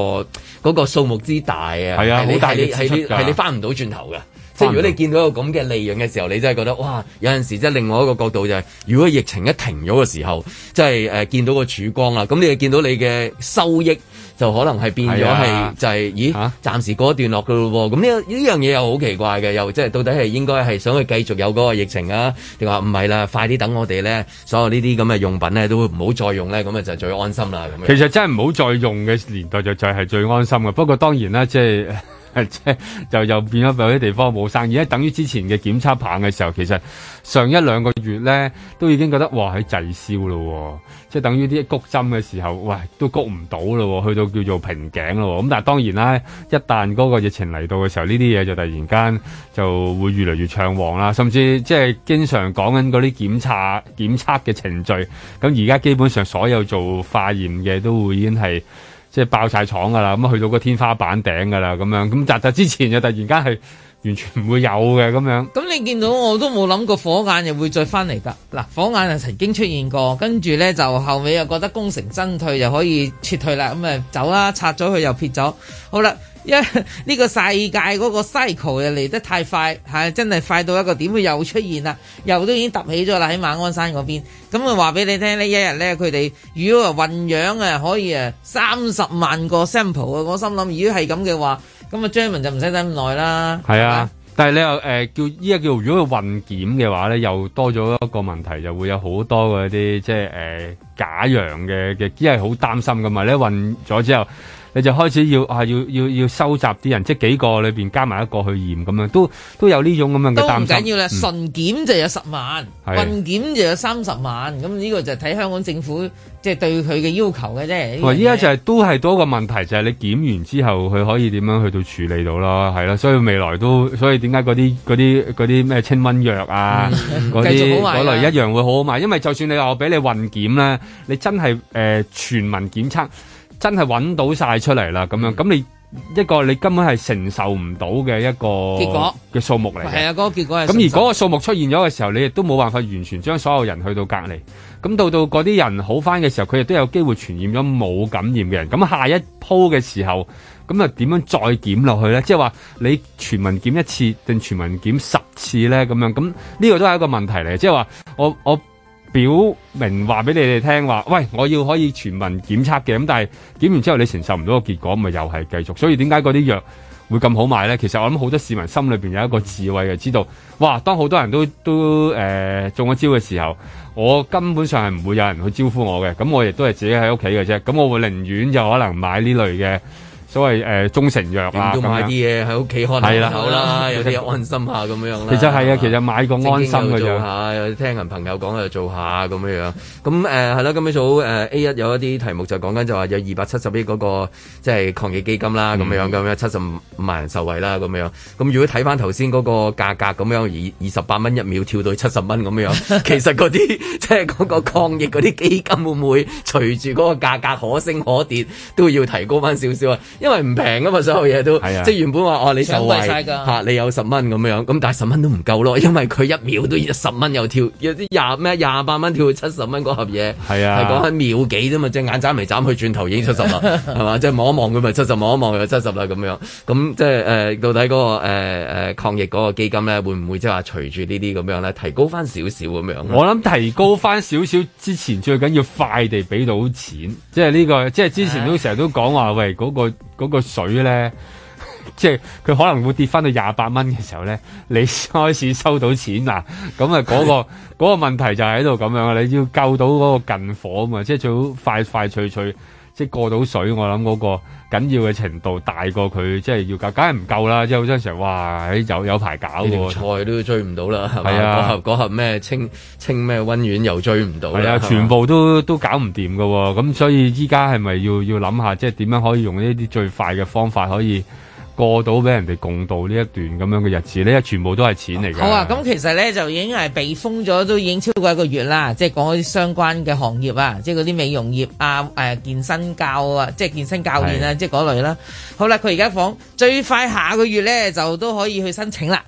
嗰個數目之大啊，係啊，好大嘅，係係，你翻唔到轉頭嘅，即係如果你見到一個咁嘅利潤嘅時候，你真係覺得哇，有陣時即係另外一個角度就係，如果疫情一停咗嘅時候，即係誒見到個曙光喇，咁你就見到你嘅收益。就可能係變咗係就係、是啊，咦、啊？暫時過一段落嘅咯喎。咁呢呢樣嘢又好奇怪嘅，又即係到底係應該係想去繼續有嗰個疫情啊？定話唔係啦，快啲等我哋咧，所有呢啲咁嘅用品咧都唔好再用咧，咁啊就最安心啦咁樣。其實真係唔好再用嘅年代就就係最安心嘅。不過當然啦，即係。即係又又變咗有啲地方冇生意，咧等於之前嘅檢測棒嘅時候，其實上一兩個月咧都已經覺得哇喺滯銷咯，即係等於啲谷針嘅時候，嘩，都谷唔到咯，去到叫做瓶頸咯。咁但係當然啦，一旦嗰個疫情嚟到嘅時候，呢啲嘢就突然間就會越嚟越暢旺啦，甚至即係經常講緊嗰啲檢查檢測嘅程序，咁而家基本上所有做化驗嘅都會已經係。即係爆晒廠噶啦，咁啊去到個天花板頂噶啦，咁樣咁窒窒之前就突然間係完全唔會有嘅咁樣。咁你見到我都冇諗過火眼又會再翻嚟噶。嗱，火眼啊曾經出現過，跟住咧就後尾又覺得功成身退又可以撤退啦，咁啊走啦，拆咗佢又撇咗，好啦。因呢個世界嗰個 cycle 又嚟得太快，係真係快到一個點會又出現啦，又都已經揼起咗啦，喺馬鞍山嗰邊。咁啊話俾你聽，呢一日咧佢哋如果話運樣啊，可以啊三十萬個 sample 心那啊，我心諗如果係咁嘅話，咁啊 Jeremy 就唔使等咁耐啦。係啊，但係你又誒叫依家叫如果佢運檢嘅話咧，又多咗一個問題，就會有好多嗰啲即係誒、呃、假陽嘅嘅，因為好擔心噶嘛。你運咗之後。你就開始要、啊、要要要收集啲人，即幾個裏面加埋一個去驗咁樣，都都有呢種咁樣嘅擔心。唔緊要啦、嗯，純檢就有十萬，運檢就有三十萬。咁呢個就睇香港政府即係、就是、對佢嘅要求嘅啫。哇、就是！依家就係都係多個問題，就係、是、你檢完之後，佢可以點樣去到處理到咯，係啦，所以未來都所以點解嗰啲嗰啲嗰啲咩清瘟藥啊，嗰啲嗰類一樣會好賣，因為就算你話我俾你運檢咧，你真係誒、呃、全民檢測。真係揾到晒出嚟啦，咁樣咁你一個你根本係承受唔到嘅一個結果嘅數目嚟。係啊，嗰個結果係。咁而嗰個數目出現咗嘅時候，你亦都冇辦法完全將所有人去到隔離。咁到到嗰啲人好返嘅時候，佢亦都有機會傳染咗冇感染嘅人。咁下一鋪嘅時候，咁啊點樣再檢落去呢？即係話你全民檢一次定全民檢十次呢？咁樣咁呢個都係一個問題嚟。即係話我我。我表明話俾你哋聽話，喂，我要可以全民檢測嘅，咁但係檢完之後你承受唔到個結果，咪又係繼續。所以點解嗰啲藥會咁好賣呢？其實我諗好多市民心裏邊有一個智慧，嘅知道，哇，當好多人都都誒、呃、中咗招嘅時候，我根本上係唔會有人去招呼我嘅，咁我亦都係自己喺屋企嘅啫，咁我會寧願就可能買呢類嘅。所謂誒中成藥啦，買啲嘢喺屋企可能有啦，有啲安心下咁樣。其實係啊，其實買個安心嘅啫嚇，有做下有聽人朋友講就做下咁樣樣。咁誒係啦，咁、呃、今朝早誒 A 一有一啲題目就講緊就話有二百七十億嗰、那個即係、就是、抗疫基金啦，咁、嗯、樣咁啊七十五萬人受惠啦，咁樣。咁如果睇翻頭先嗰個價格咁樣二二十八蚊一秒跳到七十蚊咁樣，其實嗰啲 即係嗰個抗疫嗰啲基金會唔會隨住嗰個價格可升可跌都要提高翻少少啊？因為唔平啊嘛，所有嘢都，啊、即係原本話哦，你受惠，吓你有十蚊咁樣，咁但係十蚊都唔夠咯，因為佢一秒都十蚊又跳，有啲廿咩廿八蚊跳去七十蚊嗰盒嘢，係啊，係講緊秒幾啫嘛，只眼眨眉眨去轉頭已經七十啦，係 嘛，即係望一望佢咪七十，望一望佢又七十啦咁樣，咁即係誒、呃，到底嗰、那個誒誒、呃呃、抗疫嗰個基金咧，會唔會即係話隨住呢啲咁樣咧，提高翻少少咁樣？我諗提高翻少少， 之前最緊要快地俾到錢， 即係呢、這個，即係之前都成日 都講話喂嗰、那個。嗰、那個水咧，即係佢可能會跌翻到廿八蚊嘅時候咧，你先開始收到錢啦，咁啊嗰、那個嗰 個問題就喺度咁樣啊，你要救到嗰個近火啊嘛，即係最好快快脆脆即係過到水，我諗嗰、那個。緊要嘅程度大過佢，即係要搞，梗係唔夠啦！即係好多時候，哇，誒有有排搞喎，啊，菜都追唔到啦，係啊，嗰盒嗰盒咩清清咩溫丸又追唔到，係啊，全部都都搞唔掂㗎喎，咁所以依家係咪要要諗下，即係點樣可以用呢啲最快嘅方法可以？過到俾人哋共度呢一段咁樣嘅日子，呢全部都係錢嚟嘅。好啊，咁其實呢就已經係被封咗都已經超過一個月啦。即係講嗰啲相關嘅行業啊，即係嗰啲美容業啊，啊、健身教啊，即係健身教練啊，即係嗰類啦。好啦，佢而家講最快下個月呢就都可以去申請啦。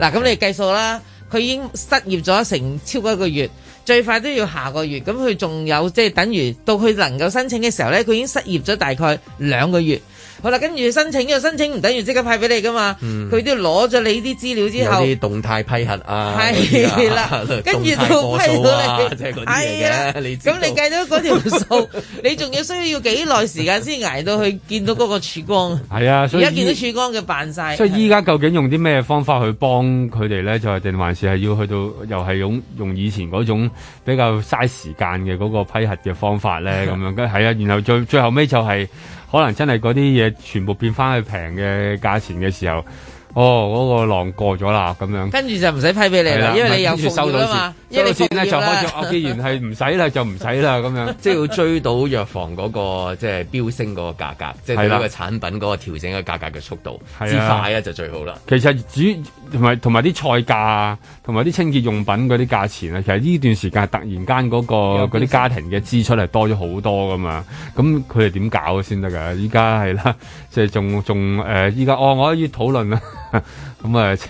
嗱，咁、啊、你計數啦，佢已經失業咗成超過一個月，最快都要下個月。咁佢仲有即係等於到佢能夠申請嘅時候呢，佢已經失業咗大概兩個月。好啦，跟住申請又申請唔等於即刻派俾你㗎嘛？佢、嗯、都要攞咗你啲資料之後，啲動態批核啊，係啦，啊、 跟住就、啊、批到你，係、就是、啊，咁你計到嗰條數，你仲要 需要幾耐時間先捱到去見到嗰個曙光？係啊，而家見到曙光就辦晒。所以依家究竟用啲咩方法去幫佢哋咧？就係、是、定還是係要去到又係用用以前嗰種比較嘥時間嘅嗰個批核嘅方法咧？咁 樣係啊，然後最最後尾就係、是。可能真係嗰啲嘢全部變翻去平嘅價錢嘅時候。哦，嗰、那個浪過咗啦，咁樣。跟住就唔使批俾你、啊，因為你有收到錢。因先呢，為你就開藥、 哦，既然係唔使啦，就唔使啦，咁樣。即係要追到藥房嗰、那個，即係飆升嗰個價格，即係呢個產品嗰個調整嘅價格嘅速度、啊、之快咧，就最好啦。其實主同埋同埋啲菜價啊，同埋啲清潔用品嗰啲價錢啊，其實呢段時間突然間嗰、那個嗰啲家庭嘅支出係多咗好多噶嘛。咁佢哋點搞先得噶？依家係啦，即係仲仲誒，依家、呃、哦，我可以討論咁 啊、嗯、即、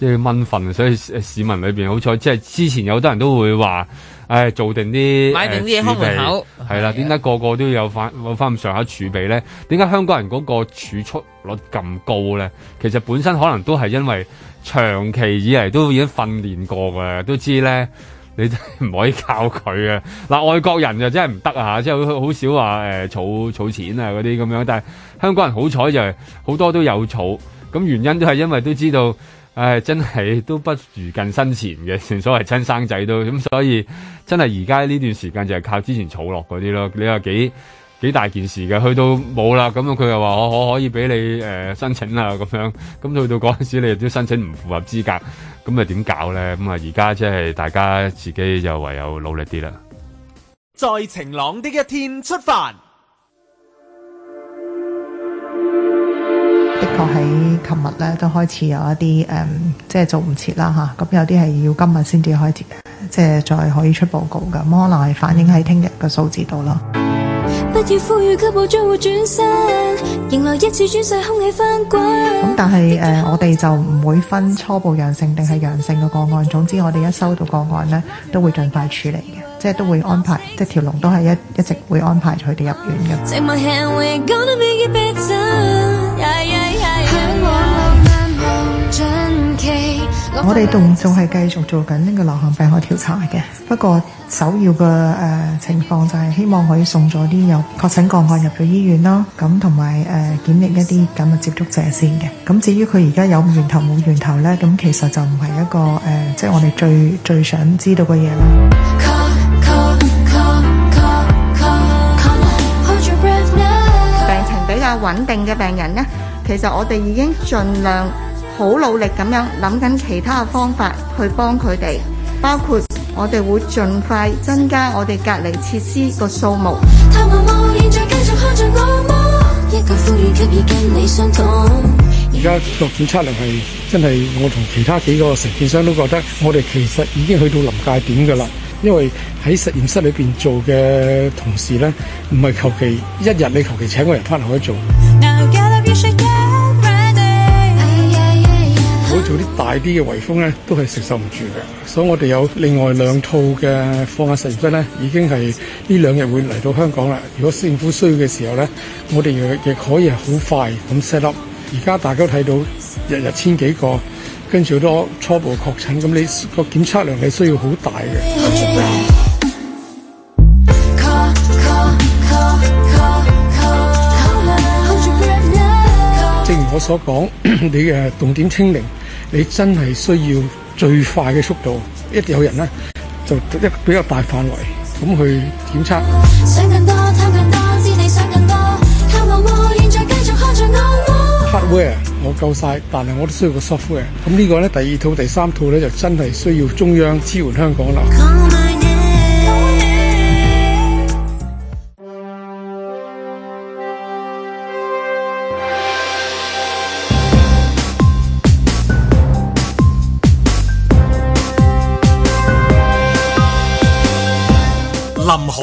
嗯、係蚊瞓，所以市民裏邊好彩，即係之前有好多人都會話，唉，做定啲買定啲嘢，開門口係啦。點、啊、解個個都有翻翻咁上下儲備咧？點解香港人嗰個儲蓄率咁高咧？其實本身可能都係因為長期以嚟都已經訓練過嘅。都知咧，你真係唔可以靠佢啊。嗱，外國人就真係唔得啊，即係好少話誒，儲儲錢啊嗰啲咁樣，但係香港人好彩就係好多都有儲。咁原因都係因為都知道，唉，真係都不如近身前嘅，所謂親生仔都咁、嗯，所以真係而家呢段時間就係靠之前儲落嗰啲咯。你話幾幾大件事嘅，去到冇啦，咁佢又話我可可以俾你誒、呃、申請啦咁樣，咁去到嗰陣時你亦都申請唔符合資格，咁啊點搞咧？咁啊而家即係大家自己就唯有努力啲啦。在晴朗的一天出發。的確喺琴日咧都開始有一啲誒、嗯，即係做唔切啦吓，咁、嗯、有啲係要今日先至開始，即係再可以出報告噶，咁、嗯、可能係反映喺聽日嘅數字度咯。咁、嗯、但係誒、呃，我哋就唔會分初步陽性定係陽性嘅個案，總之我哋一收到個案呢，都會盡快處理嘅，即係都會安排，即係條龍都係一一直會安排佢哋入院嘅。我哋仲仲係繼續做緊呢個流行病學調查嘅，不過首要嘅誒情況就係希望可以送咗啲有確診個案入咗醫院咯，咁同埋誒檢疫一啲咁嘅接觸者先嘅。咁至於佢而家有源頭冇源頭咧，咁其實就唔係一個誒，即係我哋最最想知道嘅嘢啦。病情比較穩定嘅病人咧，其實我哋已經盡量。好努力咁樣諗緊其他嘅方法去幫佢哋，包括我哋會盡快增加我哋隔離設施個數目。而家個檢測量係真係我同其他幾個承建商都覺得，我哋其實已經去到臨界點噶啦因為喺實驗室裏邊做嘅同事咧，唔係求其一日你求其請個人翻嚟去做。有啲大啲嘅颶風咧，都係承受唔住嘅，所以我哋有另外兩套嘅放壓實驗室咧，已經係呢兩日會嚟到香港啦。如果政府需要嘅時候咧，我哋亦可以係好快咁 set up。而家大家都睇到日日千幾個，跟住好多初步確診，咁你個檢測量係需要好大嘅，嗯。正如我所講，你嘅動態清零。你真係需要最快嘅速度，一有人咧就一比較大範圍咁去檢測。我我我 Hardware 我夠晒，但係我都需要個 software。咁呢個咧第二套第三套咧就真係需要中央支援香港啦。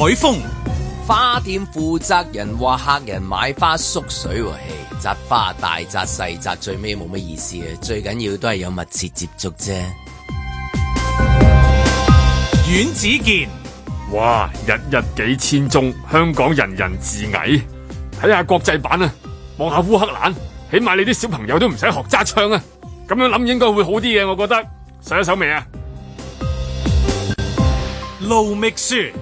海風花店負責人話：客人買花縮水，紮花大紮細紮，最尾冇乜意思，最緊要都係有密切接觸啫。阮子健，哇，日日幾千宗，香港人人自危。睇下國際版啊，望下烏克蘭，起碼你啲小朋友都唔使學揸槍啊。咁樣諗應該會好啲嘅，我覺得。洗咗手未啊？盧覓雪。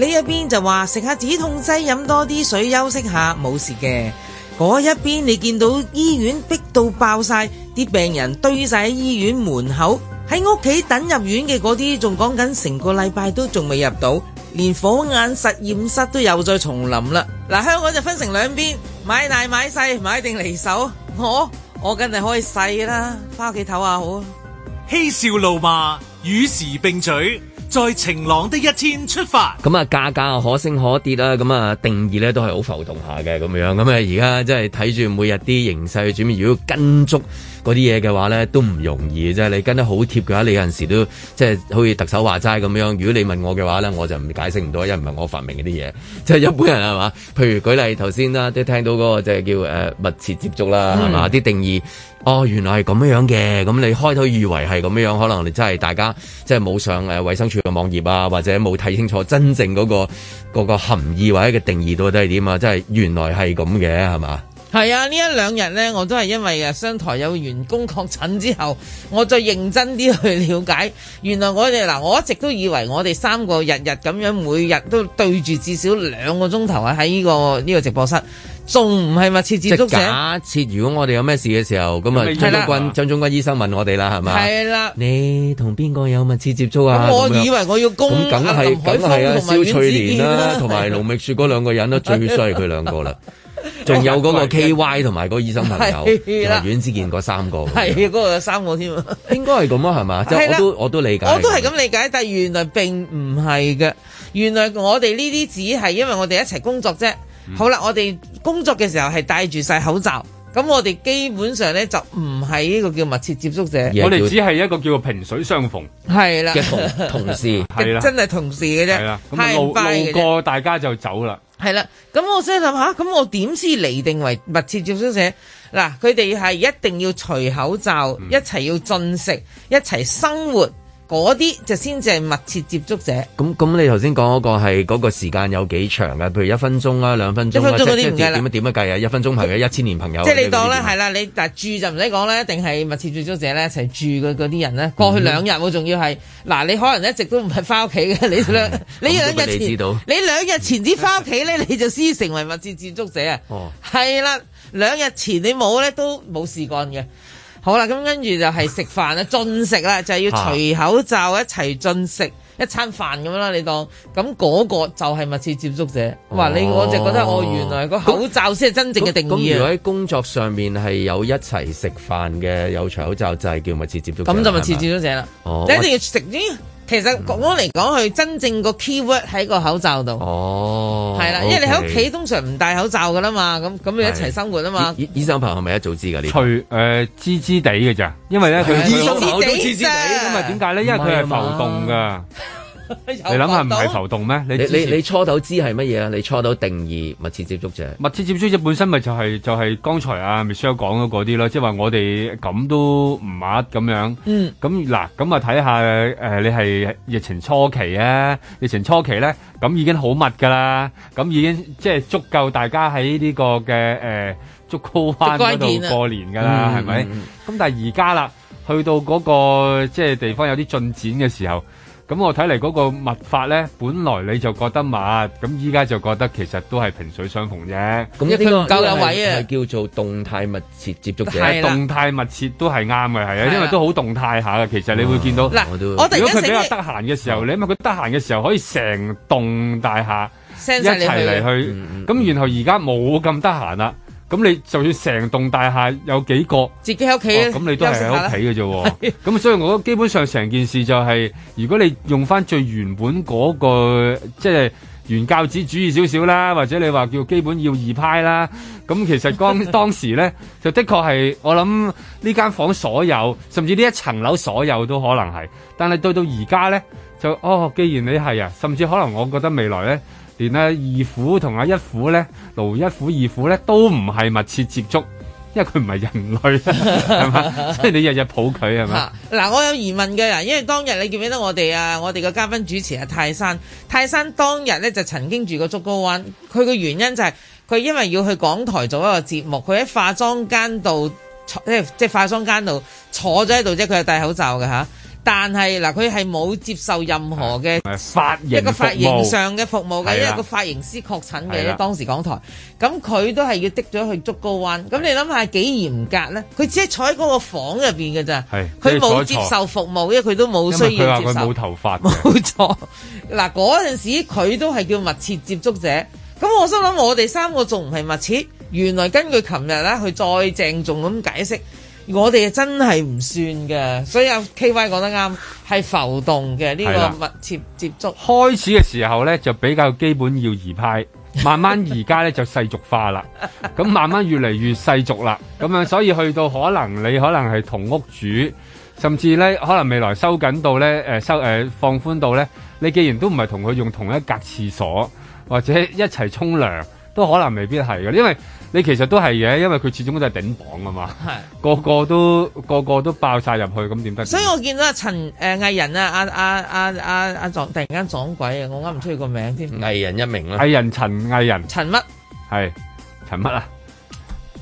呢一邊就話食下止痛劑，飲多啲水，休息下，冇事嘅。嗰一邊你見到醫院逼到爆晒，啲病人堆晒喺醫院門口，喺屋企等入院嘅嗰啲仲講緊成個禮拜都仲未入到，連火眼實驗室都又再重臨啦。嗱，香港就分成兩邊，買大買細，買定離手。我我梗係可以細啦，返屋企唞下好。嬉笑怒罵，與時並取。在晴朗的一天出發。咁啊，價格可升可跌啦。咁啊，定義咧都係好浮動下嘅咁樣。咁啊，而家即係睇住每日啲形勢轉變。如果要跟足嗰啲嘢嘅話咧，都唔容易即係、就是、你跟得好貼嘅話，你有陣時都即係、就是、好似特首話齋咁樣。如果你問我嘅話咧，我就解釋唔到，因為唔係我發明嗰啲嘢。即係日本人係嘛？譬 如舉例頭先啦，都聽到嗰、那個即係、就是、叫誒密切接觸啦，係嘛啲定義。哦，原來係咁樣嘅，咁你開頭以為係咁樣，可能你真係大家即係冇上誒衞生署嘅網頁啊，或者冇睇清楚真正嗰個嗰個含義或者嘅定義到底係點啊？真係原來係咁嘅，係嘛？係啊，呢一兩日呢，我都係因為啊商台有員工確診之後，我再認真啲去了解，原來我哋嗱我一直都以為我哋三個日日咁樣，每日都對住至少兩個鐘頭啊喺呢個呢個直播室。仲唔係密切接觸者？假設如果我哋有咩事嘅時候，咁啊張竹君、張竹君醫生問我哋啦，係咪？係啦，你同邊個有密切接觸啊？我以為我要工咁梗係梗係啊，蕭、啊啊、翠蓮啦、啊，同埋盧覓雪嗰兩個人都、啊、最衰，佢兩個啦，仲有嗰個 K Y 同埋個醫生朋友袁子健嗰三個，係啊，嗰、嗰個有三個添啊，應該係咁啊，係嘛？就我都我都理解，我都係咁理解，但係原來並唔係嘅，原來我哋呢啲只係因為我哋一齊工作啫。嗯、好啦，我哋工作嘅時候係戴住晒口罩，咁我哋基本上呢，就唔係呢個叫密切接觸者。Yeah, you... 我哋只係一個叫做萍水相逢係啦嘅同事係啦， 真係同事嘅啫。係啦，咁路，路過大家就走啦。係啦，咁我想諗下，咁、啊、我點先嚟定為密切接觸者嗱？佢哋係一定要除口罩，嗯、一齊要進食，一齊生活。嗰啲就先至係密切接觸者。咁咁，你頭先講嗰個係嗰個時間有幾長嘅？譬如一分鐘啦、啊，兩分鐘啦，即係點樣點樣計啊？一分鐘朋友，一千年朋友。即係你當啦，係啦，你嗱住就唔使講啦，一定係密切接觸者咧，一齊住嘅嗰啲人咧，過去兩日我仲要係嗱，你可能一直都唔係翻屋企嘅，你兩 你兩日前你，你兩日前至翻屋企咧，你就先成為密切接觸者啊。哦，係啦，兩日前你冇咧都冇事幹嘅。好啦，咁跟住就係食飯啦，進食啦，就係、是、要除口罩一齊進食、啊、一餐飯咁樣啦，你當咁嗰、那個就係密切接觸者。話、哦、你我就覺得我原來個口罩先係真正嘅定義咁、哦、如果喺工作上面係有一齊食飯嘅有除口罩就係叫密切接觸，咁就密切接觸者啦，啊哦、就一定要食啲。其實講嚟講去，嗯、真正個 keyword 喺個口罩度。哦，係啦、okay，因為你喺屋企通常唔戴口罩噶啦嘛，咁咁你一齊生活啊嘛。醫生朋友係咪一早知噶呢？除誒知知地㗎咋，因為咧，醫生口罩都知知地。咁係點解咧？因為佢係浮動噶。你諗下唔係浮動咩？你你你初頭知係乜嘢啊？你初頭定義密切接觸者，密切接觸者本身咪就係就係剛才阿 Michelle 講到嗰啲咯，即係話我哋咁都唔密咁樣。嗯，咁嗱，咁啊睇下誒，你係疫情初期咧，疫情初期咧，咁已經好密噶啦，咁已經即係足夠大家喺呢個嘅誒竹篙灣嗰度過年噶啦，係咪？咁但係而家啦，去到嗰個即係地方有啲進展嘅時候。咁我睇嚟嗰個密法咧，本來你就覺得嘛，咁依家就覺得其實都係萍水相逢啫。咁一佢夠有位啊，叫做動態密切接觸者。係啦，動態密切都係啱嘅，係啊，因為都好動態下嘅。其實你會見到嗱、啊，我哋如果佢比較得閒嘅時候、嗯，你因為佢得閒嘅時候可以成棟大廈一齊嚟去，咁、嗯、然後而家冇咁得閒啦。咁你就算成棟大廈有幾個，自己喺屋企，咁你都係喺屋企嘅啫。咁 所以我覺得基本上成件事就係、是，如果你用翻最原本嗰、那個，即、就、係、是、原教旨主義少少啦，或者你話叫基本要二派啦。咁其實當當時咧， 就的確係我諗呢間房所有，甚至呢一層樓所有都可能係。但係到到而家咧，就哦，既然你係啊，甚至可能我覺得未來咧。連啦，輔二虎同阿一虎咧，盧一虎二虎咧，都唔係密切接觸，因為佢唔係人類，係 嘛？即係你日日抱佢係嘛？嗱、 啊，我有疑問嘅人，因為當日你記唔記得我哋啊？我哋嘅嘉賓主持阿泰山，泰山當日咧就曾經住過竹篙灣，佢嘅原因就係佢因為要去港台做一個節目，佢喺化妝間度即係即係化妝間度坐咗喺度啫，佢係戴口罩嘅吓但係嗱，佢係冇接受任何嘅髮一個髮型上嘅服務嘅，因為一個髮型師確診嘅，當時港台咁佢都係要滴咗去竹篙灣。咁你諗下幾嚴格咧？佢只係坐喺嗰個房入面嘅咋，佢冇接受服務，因為佢都冇需要接受。佢冇頭髮。冇錯，嗱嗰陣時佢都係叫密切接觸者。咁我心諗我哋三個仲唔係密切？原來根據琴日咧，佢再鄭重咁解釋。我哋真係唔算嘅，所以阿 KY 講得啱，係浮動嘅呢、呢個密切接觸。開始嘅時候呢，就比較基本要移派，慢慢而家呢就世俗化啦。咁 慢慢越嚟越世俗啦，咁啊，所以去到可能你可能係同屋主，甚至呢可能未來收緊到呢、呃，收、呃、放寬到呢，你既然都唔係同佢用同一格廁所，或者一齊沖涼，都可能未必係嘅，因為你其實都係嘅，因為佢始終都係頂榜啊嘛，係個個都個個都爆晒入去，咁點得？所以我見到阿陳誒藝人啊，阿阿阿阿阿撞突然間撞鬼啊，我啱唔出佢個名添，藝人一名啦，藝人陳藝人陳乜係陳乜？陳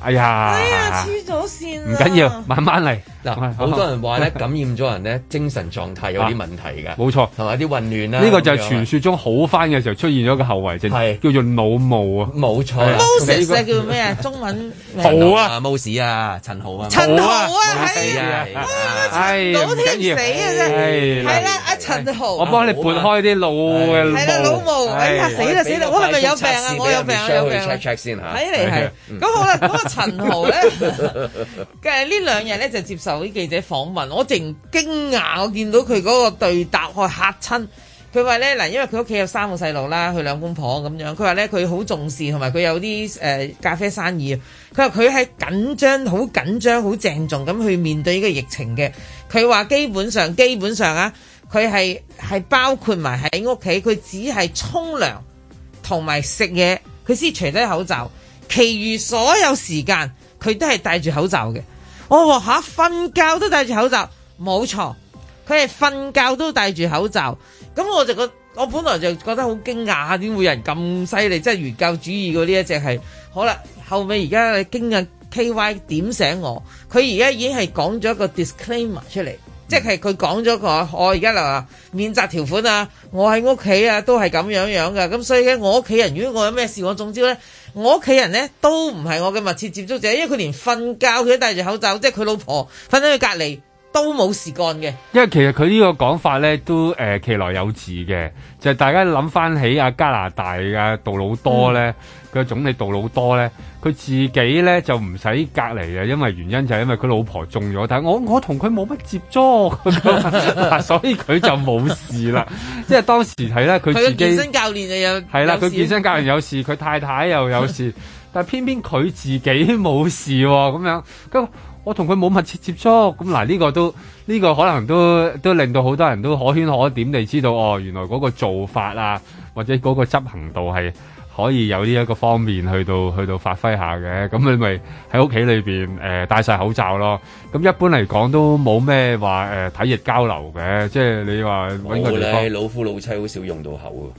哎呀！哎呀，黐咗線了。唔緊要，慢慢嚟。嗱，好多人話咧 感染咗人咧，精神狀態有啲問題嘅。冇、啊、錯，同埋啲混亂啦、啊。呢、呢個就係傳說中好翻嘅時候出現咗個後遺症，叫做腦霧啊。冇、哎、錯，霧士即係叫咩中文好啊，霧士啊，陳豪啊。啊啊陳豪啊，係啊，係啊，死啊啊哎、陳老天死啊真係。係、哎、啦，阿、哎哎啊、陳豪！我幫你撥開啲腦嘅霧。係、哎、啦、哎哎哎，老霧，哎死啦、哎哎、死啦，我係咪有病啊？我有病啊？有病啊？咁好啦，咁。陳豪咧，佢 係呢兩日咧就接受啲記者訪問，我勁驚訝，我見到佢嗰個對答，我嚇親。佢話咧嗱，因為佢屋企有三個細路啦，佢兩公婆咁樣。佢話咧，佢好重視，同埋佢有啲誒咖啡生意。佢話佢係緊張，好緊張，好鄭重咁去面對呢個疫情嘅。佢話基本上，基本上啊，佢係係包括埋喺屋企，佢只係沖涼同埋食嘢，佢先除低口罩。其餘所有時間，佢都係戴住口罩嘅。我話吓，瞓覺都戴住口罩，冇錯，佢係瞓覺都戴住口罩。咁我就覺得，我本來就覺得好驚訝，點會有人咁犀利？真係原教主義嗰呢一隻係好啦。後尾而家經日 K Y 點醒我，佢而家已經係講咗一個 disclaimer 出嚟、嗯，即係佢講咗個我而家就話免責條款啊，我喺屋企啊都係咁樣樣嘅。咁所以咧，我屋企人如果我有咩事，我中招呢。我屋企人咧都唔係我嘅密切接觸者，因為佢連瞓覺佢都戴住口罩，即係佢老婆瞓喺佢隔離。都冇事幹嘅，因為其實佢呢個講法咧都誒、呃，其來有自嘅，就係、是、大家諗翻起啊加拿大嘅杜魯多咧，佢、嗯、總理杜魯多咧，佢自己咧就唔使隔離嘅，因為原因就係因為佢老婆中咗，但係我我同佢冇乜接觸、 啊，所以佢就冇事啦。即 係當時係啦，佢自己 健身教練就有係啦，佢健身教練有事，佢太太又有事， 但係偏偏佢自己冇事咁、哦、樣。我同佢冇密切接觸，咁嗱呢個都呢個可能都都令到好多人都可圈可點地知道哦，原來嗰個做法啊，或者嗰個執行度係，可以有呢一個方面去到去到發揮下嘅，咁你咪喺屋企裏面誒戴晒口罩咯。咁一般嚟講都冇咩話誒體液交流嘅，即係你話揾個字老夫老妻好少用到口，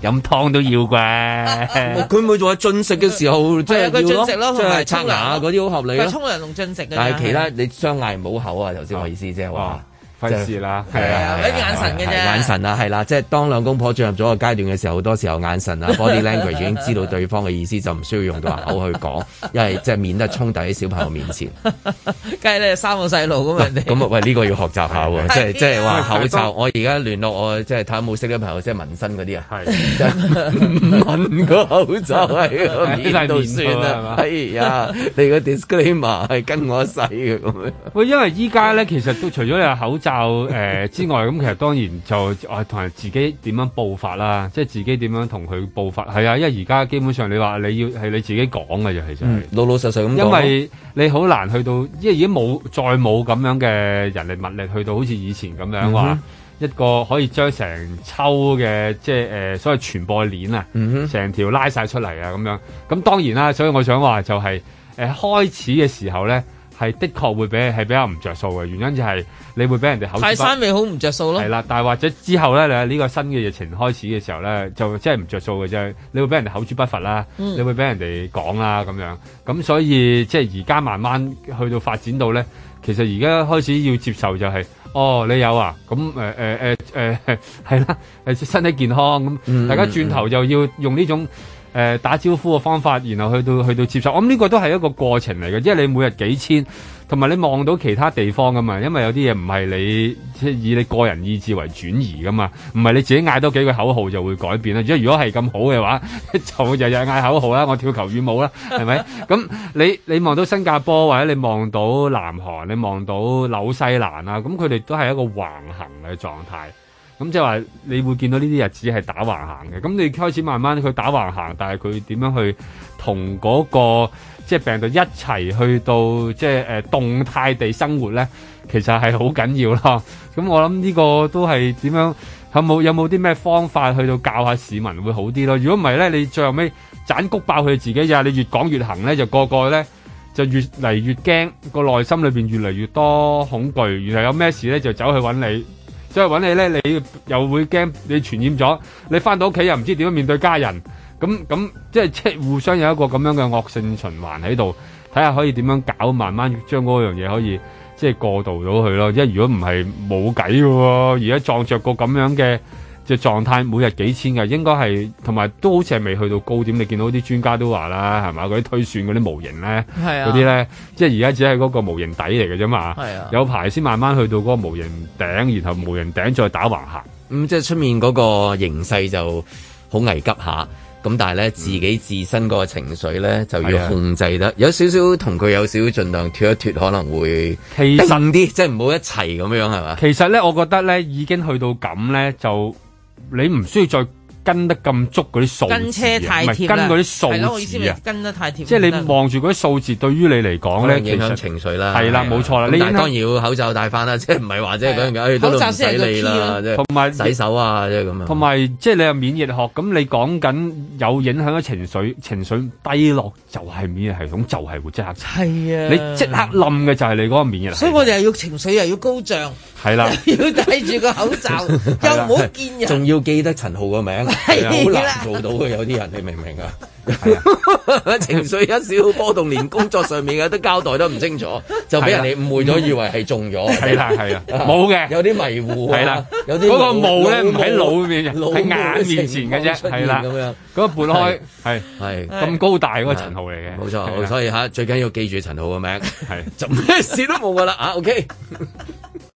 飲 湯都要啩。佢唔會做啊，進食嘅時候，即 係食咯，即係刷牙嗰啲好合理沖沖涼同進食。但係其他你嗌唔好口啊，頭先我意思即、啊啊啊費事啦，係啊，啊，啊，眼神嘅啫、啊，眼神啊，係啦、啊，即、就、係、是、當兩公婆進入咗個階段嘅時候，好多時候眼神啊 body language 已經知道對方嘅意思， 就唔需要用到口去講，因為即係、就是、免得衝突喺小朋友面前。梗係咧三個細路咁啊，咁 啊，喂，呢、這個要學習下喎，即係即係話口罩。我而家聯絡我，即係睇下冇識啲朋友即係、就是、紋身嗰啲啊。係紋 個口罩喺面度 算啦，係 啊，你個 discriminator 係跟我一世嘅咁樣。喂， 因為依家咧，其實都除咗有口罩。就 之外，咁其實當然就同埋自己點樣步伐啦，即係自己點樣同佢步伐。係啊，因為而家基本上你話你要係你自己講嘅啫，其、嗯、實、就是、老老實實咁講。因為你好難去到，因為已經冇再冇咁樣嘅人力物力去到好似以前咁樣話、嗯、一個可以將成抽嘅即係所謂傳播鏈啊，成、嗯、條拉晒出嚟啊咁樣。咁當然啦，所以我想話就係、是、誒開始嘅時候咧。係的確會俾係比較唔着數嘅，原因就係你會俾人哋口，太生命好唔着數咯。係啦，但係或者之後咧，喺、這、呢個新嘅疫情開始嘅時候咧，就真係唔着數嘅啫。你會俾人哋口誅筆伐啦、嗯，你會俾人哋講啦咁樣。咁所以即係而家慢慢去到發展到咧，其實而家開始要接受就係、是，哦，你有啊，咁誒誒誒誒係啦，誒、呃呃呃呃、身體健康咁、嗯嗯嗯，大家轉頭就要用呢種。誒、呃、打招呼嘅方法，然後去到去到接受，咁呢個都係一個過程嚟嘅，即係你每日幾千，同埋你望到其他地方噶嘛，因為有啲嘢唔係你即係以你個人意志為轉移噶嘛，唔係你自己嗌多幾個口號就會改變啦。即係如果係咁好嘅話，就日日嗌口號啦，我跳求雨舞啦，係咪？咁你你望到新加坡或者你望到南韓，你望到紐西蘭啊，咁佢哋都係一個橫行嘅狀態。咁即係話，你會見到呢啲日子係打橫行嘅。咁你開始慢慢去打橫行，但係佢點樣去同嗰個即係病毒一齊去到即係誒、呃、動態地生活咧？其實係好緊要咯。咁我諗呢個都係點樣？有冇有冇啲咩方法去到教下市民會好啲咯？如果唔係咧，你最後尾盞谷爆佢自己呀！你越講越行咧，就個個咧就越嚟越驚，個內心裏面越嚟越多恐懼，然後有咩事咧就走去揾你。即係搵你咧，你又會驚你傳染咗，你翻到屋企又唔知點樣面對家人，咁咁即係即係互相有一個咁樣嘅惡性循環喺度，睇下可以點樣搞，慢慢將嗰樣嘢可以即係過渡到去咯。即係如果唔係冇計嘅喎，而家撞着個咁樣嘅。嘅狀態每日幾千㗎，應該係同埋都好似係未去到高點。你見到啲專家都話啦，係嘛？嗰啲推算嗰啲模型咧，嗰啲咧，即係而家只係嗰個模型底嚟嘅啫嘛。啊、有排先慢慢去到嗰個模型頂，然後模型頂再打橫行。咁、嗯、即係出面嗰個形勢就好危急下。咁但係咧，自己自身個情緒咧就要控制得、啊、有少少，同佢有少少盡量脫一脫，可能會犧牲啲，即係唔好一齊咁樣係嘛？其實咧，我覺得咧已經去到咁咧就。你唔需要再跟得咁足嗰啲數字，唔係跟嗰啲數字啊，跟得太貼。即係你望住嗰啲數字，對於你嚟講咧，影響情緒啦，係啦，冇錯啦。你當然要口罩戴翻啦，即係唔係話即係嗰樣嘢，口罩唔使理啦，同埋洗手啊，即係咁樣。同埋即係你係免疫學，咁你講緊有影響嘅情緒，情緒低落就係免疫系統就係會即刻，係啊，你即刻冧嘅就係你嗰個免疫。所以我哋又要情緒又要高漲。係啦， 要戴住個口罩，又唔好見人，仲要記得陳豪個名，好難做到嘅。有啲人你明唔明啊？ 情緒一少波動，連工作上面嘅都交代得唔清楚，就俾人哋誤會咗，以為係中咗。係啦，係啊，冇嘅，有啲迷糊。係啦，有啲嗰個霧咧，唔喺腦面，喺眼面前嘅啫。係啦，咁樣嗰個撥開是是，係係咁高大嗰個陳豪嚟嘅，冇錯。所以吓最緊要記住陳豪個名，係就咩事都冇噶啦。啊，OK。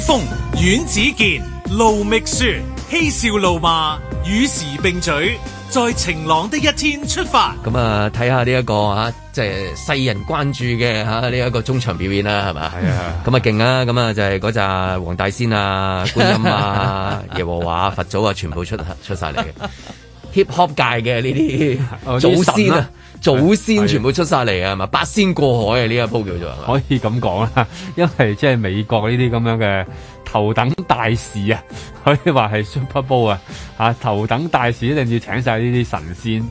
風阮子健盧覓雪嬉笑怒罵與時並舉，在晴朗的一天出發。咁啊，睇下呢一個吓，即係世人關注嘅吓呢一個中場表演啦，係咪？係 啊，咁啊勁啊，咁啊就係嗰紮黃大仙啊、觀音啊、 耶和華、佛祖啊，全部出出晒嚟嘅 hip hop 界嘅呢啲祖師啊！祖先全部出晒嚟啊，係嘛？八仙過海啊，呢個鋪叫做。可以咁講啦，因為即係美國呢啲咁樣嘅頭等大事啊，可以話係 Super Bowl 啊，吓頭等大事一定要請晒呢啲神仙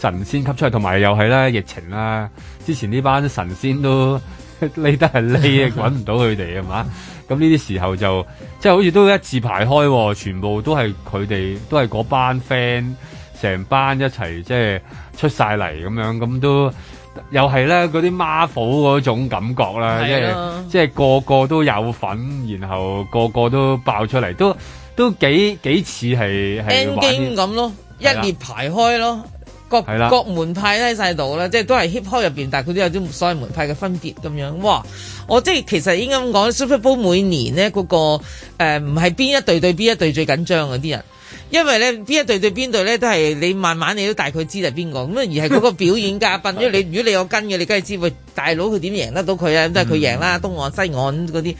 神仙吸出嚟，同埋又係啦疫情啦，之前呢班神仙都匿得係匿，搵唔到佢哋係嘛？咁呢啲時候就即係好似都一字排開，全部都係佢哋都係嗰班 friend 成班一齊即係。出晒嚟咁樣咁都又係咧嗰啲 Marvel 嗰種感覺啦，即係即係個個都有份，然後個個都爆出嚟，都都幾幾似係係 NBA 咁咯，啊、一列排開咯，各、啊、各門派喺晒度啦，即係都係 Hip Hop 入邊，但係佢都有啲所謂門派嘅分別咁樣哇！我即係其實已經咁講 Super Bowl 每年咧、嗰個誒唔係邊一隊對邊一隊最緊張啊啲人。因為咧，邊一隊對邊隊咧，都係你慢慢你都大概知係邊個，咁而係嗰個表演嘉賓。 因為你如果你有跟嘅，你梗係知喂，大佬佢點贏得到佢啊，嗯、都係佢贏啦，東岸西岸嗰啲。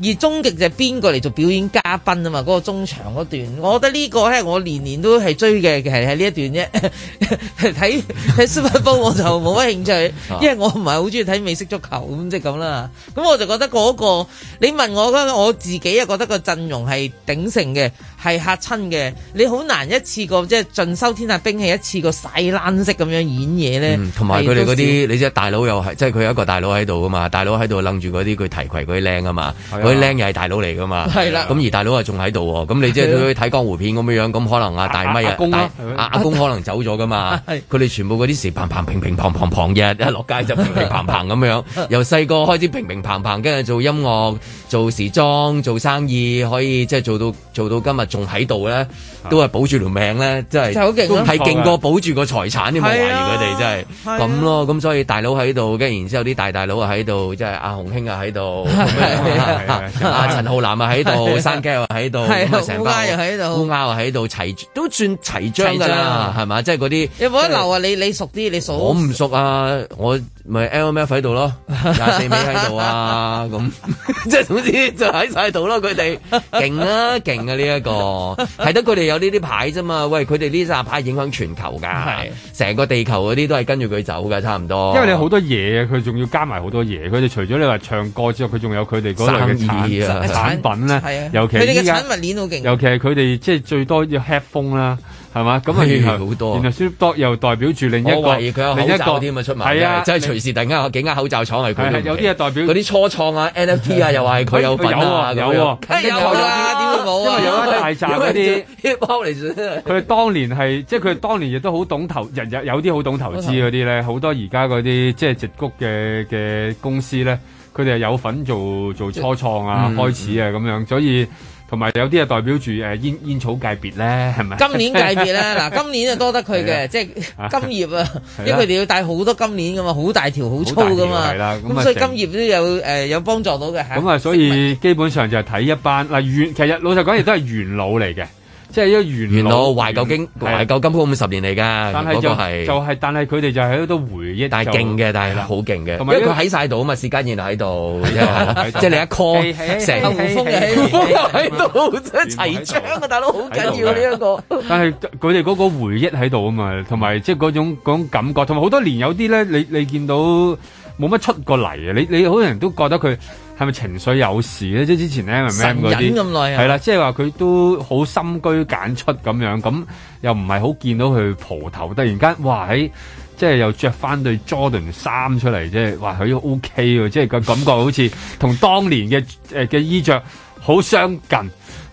而終極就係邊個嚟做表演嘉賓啊嘛，嗰、那個中場嗰段，我覺得呢、這個咧，我年年都係追嘅，其實喺呢一段啫。睇 睇 Super Bowl 我就冇乜興趣， 因為我唔係好中意睇美式足球咁，即係咁啦。咁我就覺得嗰、那個，你問我，我自己又覺得個陣容係鼎盛嘅。係嚇親嘅，你好難一次過即係盡收天下兵器，一次過晒冷式咁樣演嘢咧、嗯。同埋佢哋嗰啲，你知大佬又係，即係佢有一個大佬喺度噶嘛？大佬喺度楞住嗰啲佢提攜嗰啲靚啊嘛，嗰啲靚又係大佬嚟噶嘛。咁、啊、而大佬啊仲喺度喎。咁你即係好似睇江湖片咁樣，咁可能大啊大咪啊阿、啊啊、阿公可能走咗噶嘛？佢、啊、哋、啊、全部嗰啲時砰砰平平砰砰嘅，一落街就平砰砰咁樣。 由細個開始平平砰砰，跟住做音樂、做時裝、做生意，可以即係做到做到今日。仲喺度咧，都係保，、就是、保住條命咧，真係都係勁過保住個財產啲，冇懷疑佢哋真係咁、啊啊、咯。咁、嗯、所以大佬喺度，跟住然之後啲大大佬啊喺度，即係阿洪興啊喺度，阿、啊啊啊啊就是啊啊、陳浩南啊喺度，山雞喺度，咁成班又喺度，烏鴉喺度，齊都算齊章㗎啦，係嘛？即係嗰啲有冇得留啊？你你熟啲，你熟我唔熟啊，我。咪 LMF 喺度咯，廿四尾喺度啊，咁即係總之就喺晒度咯。佢哋勁啊，勁啊呢一、個係得佢哋有呢啲牌啫嘛。喂，佢哋呢紮牌影響全球噶，成個地球嗰啲都係跟住佢走噶，差唔多。因為你好多嘢，佢仲要加埋好多嘢。佢哋除咗你話唱歌之外，佢仲有佢哋嗰類嘅產,、啊、產,產品咧。係啊，尤其佢哋嘅產物鏈好勁。尤其係佢哋即係最多要 headphone 啦。係嘛？咁 啊，熱好多。然後 Shop 又代表住另一個，有另一個添啊出啊，即係隨時突然間幾間口罩廠係佢有啲係代表嗰啲初創啊，NFT 啊，啊又話係佢有啊有啊咁、啊。有啊，點會冇啊？因為有間大站嗰啲 Shop 嚟算。佢當年係 即係佢當年亦都好懂投，日日有啲好懂投資嗰啲咧，好 多而家嗰啲即係矽谷嘅嘅公司咧，佢哋係有份做做初創啊，嗯、開始啊咁、嗯、樣，所以。同埋有啲啊代表住誒煙草界別咧，係咪？今年界別咧，嗱 今年啊多得佢嘅，即 係金葉啊， 因為佢哋要帶好多金鏈噶嘛，好大條好粗噶嘛，係啦。咁、嗯嗯、所以金葉都有誒、呃、有幫助到嘅嚇。咁、嗯、啊、嗯，所以基本上就係睇一班嗱元、啊，其實老實講亦都係元老嚟嘅。 即係一個元老懷舊經懷舊金鋪五十年嚟㗎，嗰個係就係，但係佢哋就喺度、那個就是、回憶，但係勁嘅，但係好勁嘅，同埋佢喺晒度啊嘛，史家賢喺度，即 係你一 call，成 個風氣喺度，真係齊將啊，大佬好緊要呢、啊、一、 這個。但係佢哋嗰個回憶喺度啊嘛，同埋即係嗰種感覺，同埋好多年有啲咧，你你見到冇乜出過嚟啊，你你好多人都覺得佢。係咪情緒有事咧？即係之前咧 m 咪？n 嗰啲，係啦，即係話佢都好深居簡出咁樣，咁又唔係好見到佢蒲頭。突然間，哇！喺即係又著翻對 Jordan 衫出嚟，即係話佢都 OK 喎，即係個感覺好似同 當年嘅嘅、呃、衣着好相近，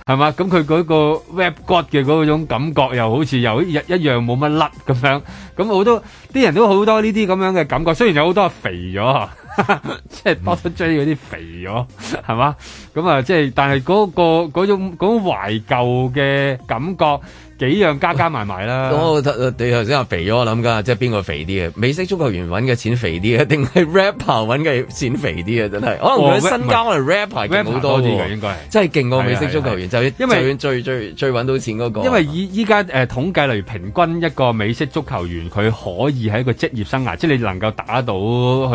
係嘛？咁佢嗰個 rap god 嘅嗰種感覺，又好似又一一樣冇乜甩咁樣。咁好多啲人都好多呢啲咁樣嘅感覺。雖然有好多肥咗。 即係、嗯、多得追啲肥咗，係嘛？咁啊，即係，但係嗰、嗰個嗰種嗰種懷舊嘅感覺。幾樣加加埋埋啦！我你頭先話肥咗，我諗緊，即係邊個肥啲嘅？美式足球員揾嘅錢肥啲嘅，定係 rapper 揾嘅錢肥啲嘅？真係，可能佢身家係、哦、rapper 勁好多啲嘅，應該係真係勁過美式足球員，就、啊啊啊、因為最最最最揾到錢嗰、那個。因為依依家誒統計，例如平均一個美式足球員，佢可以喺個職業生涯，即係你能夠打到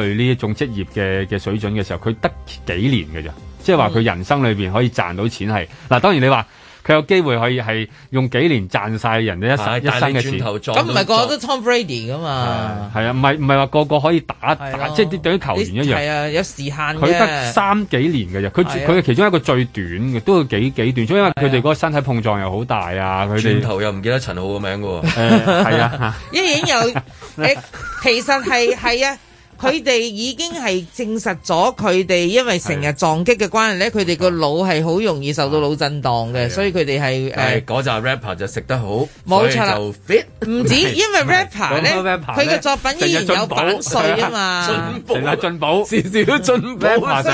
去呢一種職業嘅嘅水準嘅時候，佢得幾年嘅咋？即係話佢人生裏邊可以賺到錢係嗱、嗯。當然你話。佢有機會可以係用幾年賺晒人哋一一生嘅錢，咁唔係個個都 Tom Brady 噶嘛？係啊，唔係唔係話個個可以打，啊、打，即係對於球員一樣。係啊，有時限。佢得三幾年嘅啫，佢佢、啊、其中一個最短嘅，都要幾幾段，因為佢哋嗰個身體碰撞又好大啊！佢轉頭又唔記得陳浩個名嘅喎。係、欸、啊，已 經有誒、欸，其實係係啊。佢 哋已經係證實咗，佢哋因為成日撞擊嘅關係咧，佢哋個腦係好容易受到腦震盪嘅，所以佢哋係誒嗰扎 rapper 就食得好，冇錯啦唔 止，因為 rapper 咧，佢 嘅、那個、作品依然有版稅啊嘛，進步進步，少 少進步。版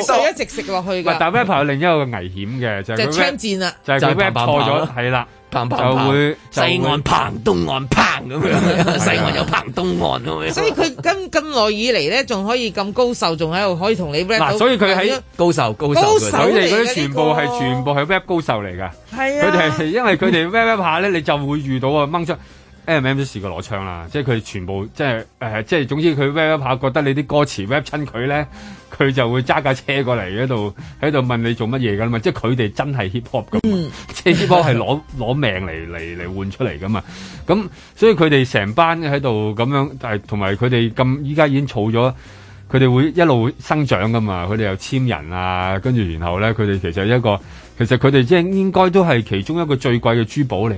稅一直食落去㗎。但 rapper 有另一個危險嘅，就係槍戰啦，就係佢 rapper 錯咗，係、就、啦、是。帆帆帆就會西岸彭，東岸彭咁樣，西 岸有彭， 東岸咁樣 所以跟跟。所以佢咁咁耐以嚟咧，仲可以咁高手，仲喺度可以同你 rap。嗱，所以佢喺高手，高手，佢哋嗰啲全部係、這個、全部係 rap 高手嚟噶。係啊，佢哋係因為佢哋 rap rap 下咧， 你就會遇到啊掹出。M M 都試過攞槍啦，即係佢哋全部即係、呃、即係總之佢 rap 下，覺得你啲歌詞 rap 親佢咧，佢就會揸架車過嚟喺度喺度問你做乜嘢噶嘛，即係佢哋真係 hip hop 噶，嗯、即係 hip hop 係攞攞 命嚟嚟嚟換出嚟噶嘛，咁所以佢哋成班喺度咁樣，但係同埋佢哋咁依家已經儲咗，佢哋會一路生長噶嘛，佢哋又簽人啊，跟住然後咧佢哋其實一個。其實佢哋即係應該都係其中一個最貴嘅珠寶嚟，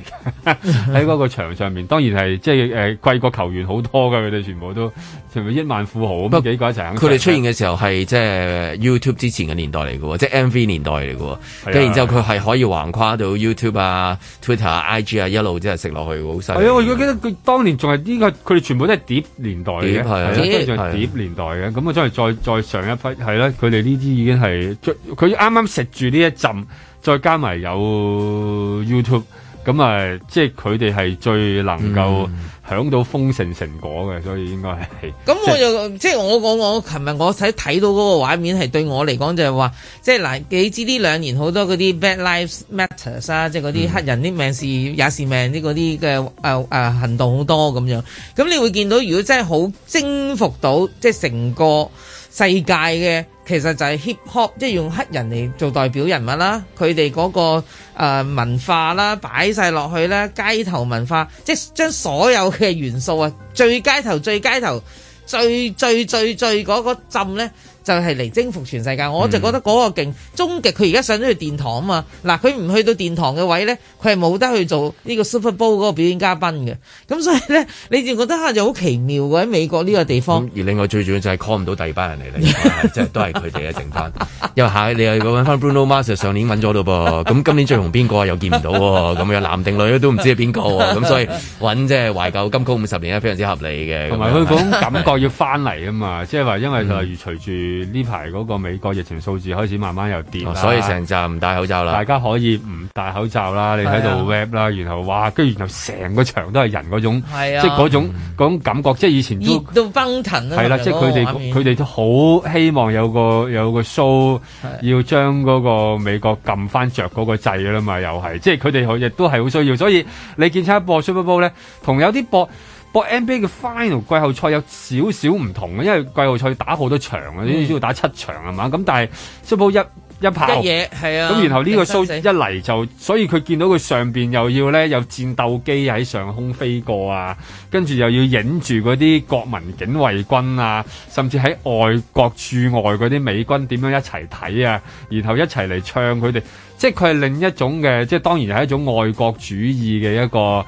喺嗰個場上面，當然係即係誒貴過球員好多噶，佢哋全部都全部億萬富豪咁幾個一齊。佢哋出現嘅時候係即係 YouTube 之前嘅年代嚟嘅，即、就、係、是、MV 年代嚟嘅。咁、啊、然之後佢係可以橫跨到 YouTube 啊，啊、Twitter、啊、Twitter 啊、IG 啊，一路即係食落去好犀。係啊、哎，我記得佢當年仲係呢個，佢哋全部都係碟年代嘅，啲碟、啊啊啊、年代嘅。咁我真係再再上一忽係啦。佢哋呢啲已經係佢啱啱食住呢一浸。再加埋有 YouTube，咁啊，即係佢哋係最能夠享到豐盛成果嘅、嗯，所以應該係咁我就即係我講，我琴日我睇睇到嗰個畫面係對我嚟講就係話，即係嗱，你知呢兩年好多嗰啲 Bad Lives Matters 啊、嗯，即係嗰啲黑人啲命是也是命啲嗰啲嘅誒誒行動好多咁樣，咁你會見到如果真係好徵服到，即係成個世界嘅。其實就係 Hip Hop，即係用黑人嚟做代表人物啦，佢哋嗰個、呃、文化啦，擺晒落去啦，街頭文化，即係將所有嘅元素啊，最街頭，最街頭，最最最最嗰個浸咧。就係、是、嚟征服全世界，我就覺得嗰個勁，終極佢而家上咗去殿堂啊嘛！嗱，佢唔去到殿堂嘅位咧，佢係冇得去做呢個 Super Bowl 嗰個表演嘉賓嘅。咁所以咧，你就覺得下就好奇妙喎。喺美國呢個地方。而另外最主要就係 call 唔到第二班人嚟嚟即係都係佢哋嘅剩分。 因為下你又揾翻 Bruno Mars 上年搵咗度噃，咁今年最紅邊個又見唔到喎？咁 樣男定女都唔知係邊個喎？咁 所以搵即係懷舊金曲五十年非常之合理嘅。同埋佢嗰種感覺要翻嚟啊嘛！即係話因為就隨住。呢排嗰個美國疫情數字開始慢慢又跌，哦，所以成就唔戴口罩啦。大家可以唔戴口罩啦、啊，你喺度 rap 啦，然後哇，跟住然後成個場都係人嗰種，即係嗰種嗰、嗯、種感覺，即係以前都都崩騰啊！係啦，即係佢哋佢哋都好希望有個有個 show，啊、要將嗰個美國撳翻著嗰個掣啦嘛，又係，即係佢哋亦都係好需要，所以你見親一播 Super Bowl 咧，同有啲播。不過 NBA 嘅 final 季後賽有少少唔同嘅，因為季後賽打好多場啊，都、嗯、要打七場啊嘛。咁但係 Super 一一拍，嘢係啊。咁然後呢個 show 一嚟就，所以佢見到佢上面又要咧有戰鬥機喺上空飛過啊，跟住又要影住嗰啲國民警衛軍啊，甚至喺外國駐外嗰啲美軍點樣一齊睇啊，然後一齊嚟唱佢哋，即係佢係另一種嘅，即係當然係一種愛國主義嘅一個。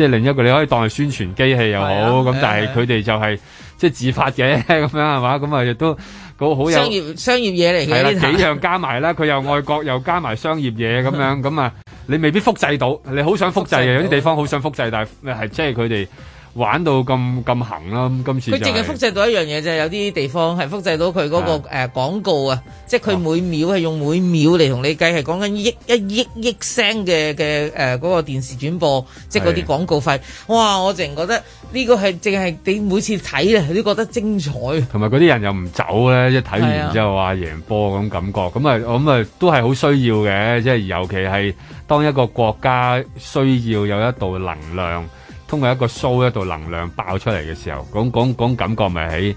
即係另一個你可以當係宣傳機器又好咁、啊，但係佢哋就係即係自發嘅咁樣係嘛咁啊，亦、啊、 都好有商業商業嘢嚟嘅係啦，幾樣加埋啦，佢 又外國又加埋商業嘢咁 樣咁啊，你未必複製到，你好想複製嘅有啲地方好想複製，但係即係佢哋。玩到咁咁行啦！今次佢淨係複製到一樣嘢就係、有啲地方係複製到佢嗰、嗰個誒廣、啊呃、告啊，即係佢每秒係、哦、用每秒嚟同你計，係講緊億一億億聲嘅嘅誒嗰個電視轉播，即係嗰啲廣告費哇！我淨係覺得呢個係淨係你每次睇佢都覺得精彩、啊。同埋嗰啲人又唔走咧，一睇完之後話贏波咁感覺，咁啊咁啊都係好需要嘅，即係尤其係當一個國家需要有一道能量。通過一個 show 一度能量爆出嚟嘅時候，咁咁咁感覺咪喺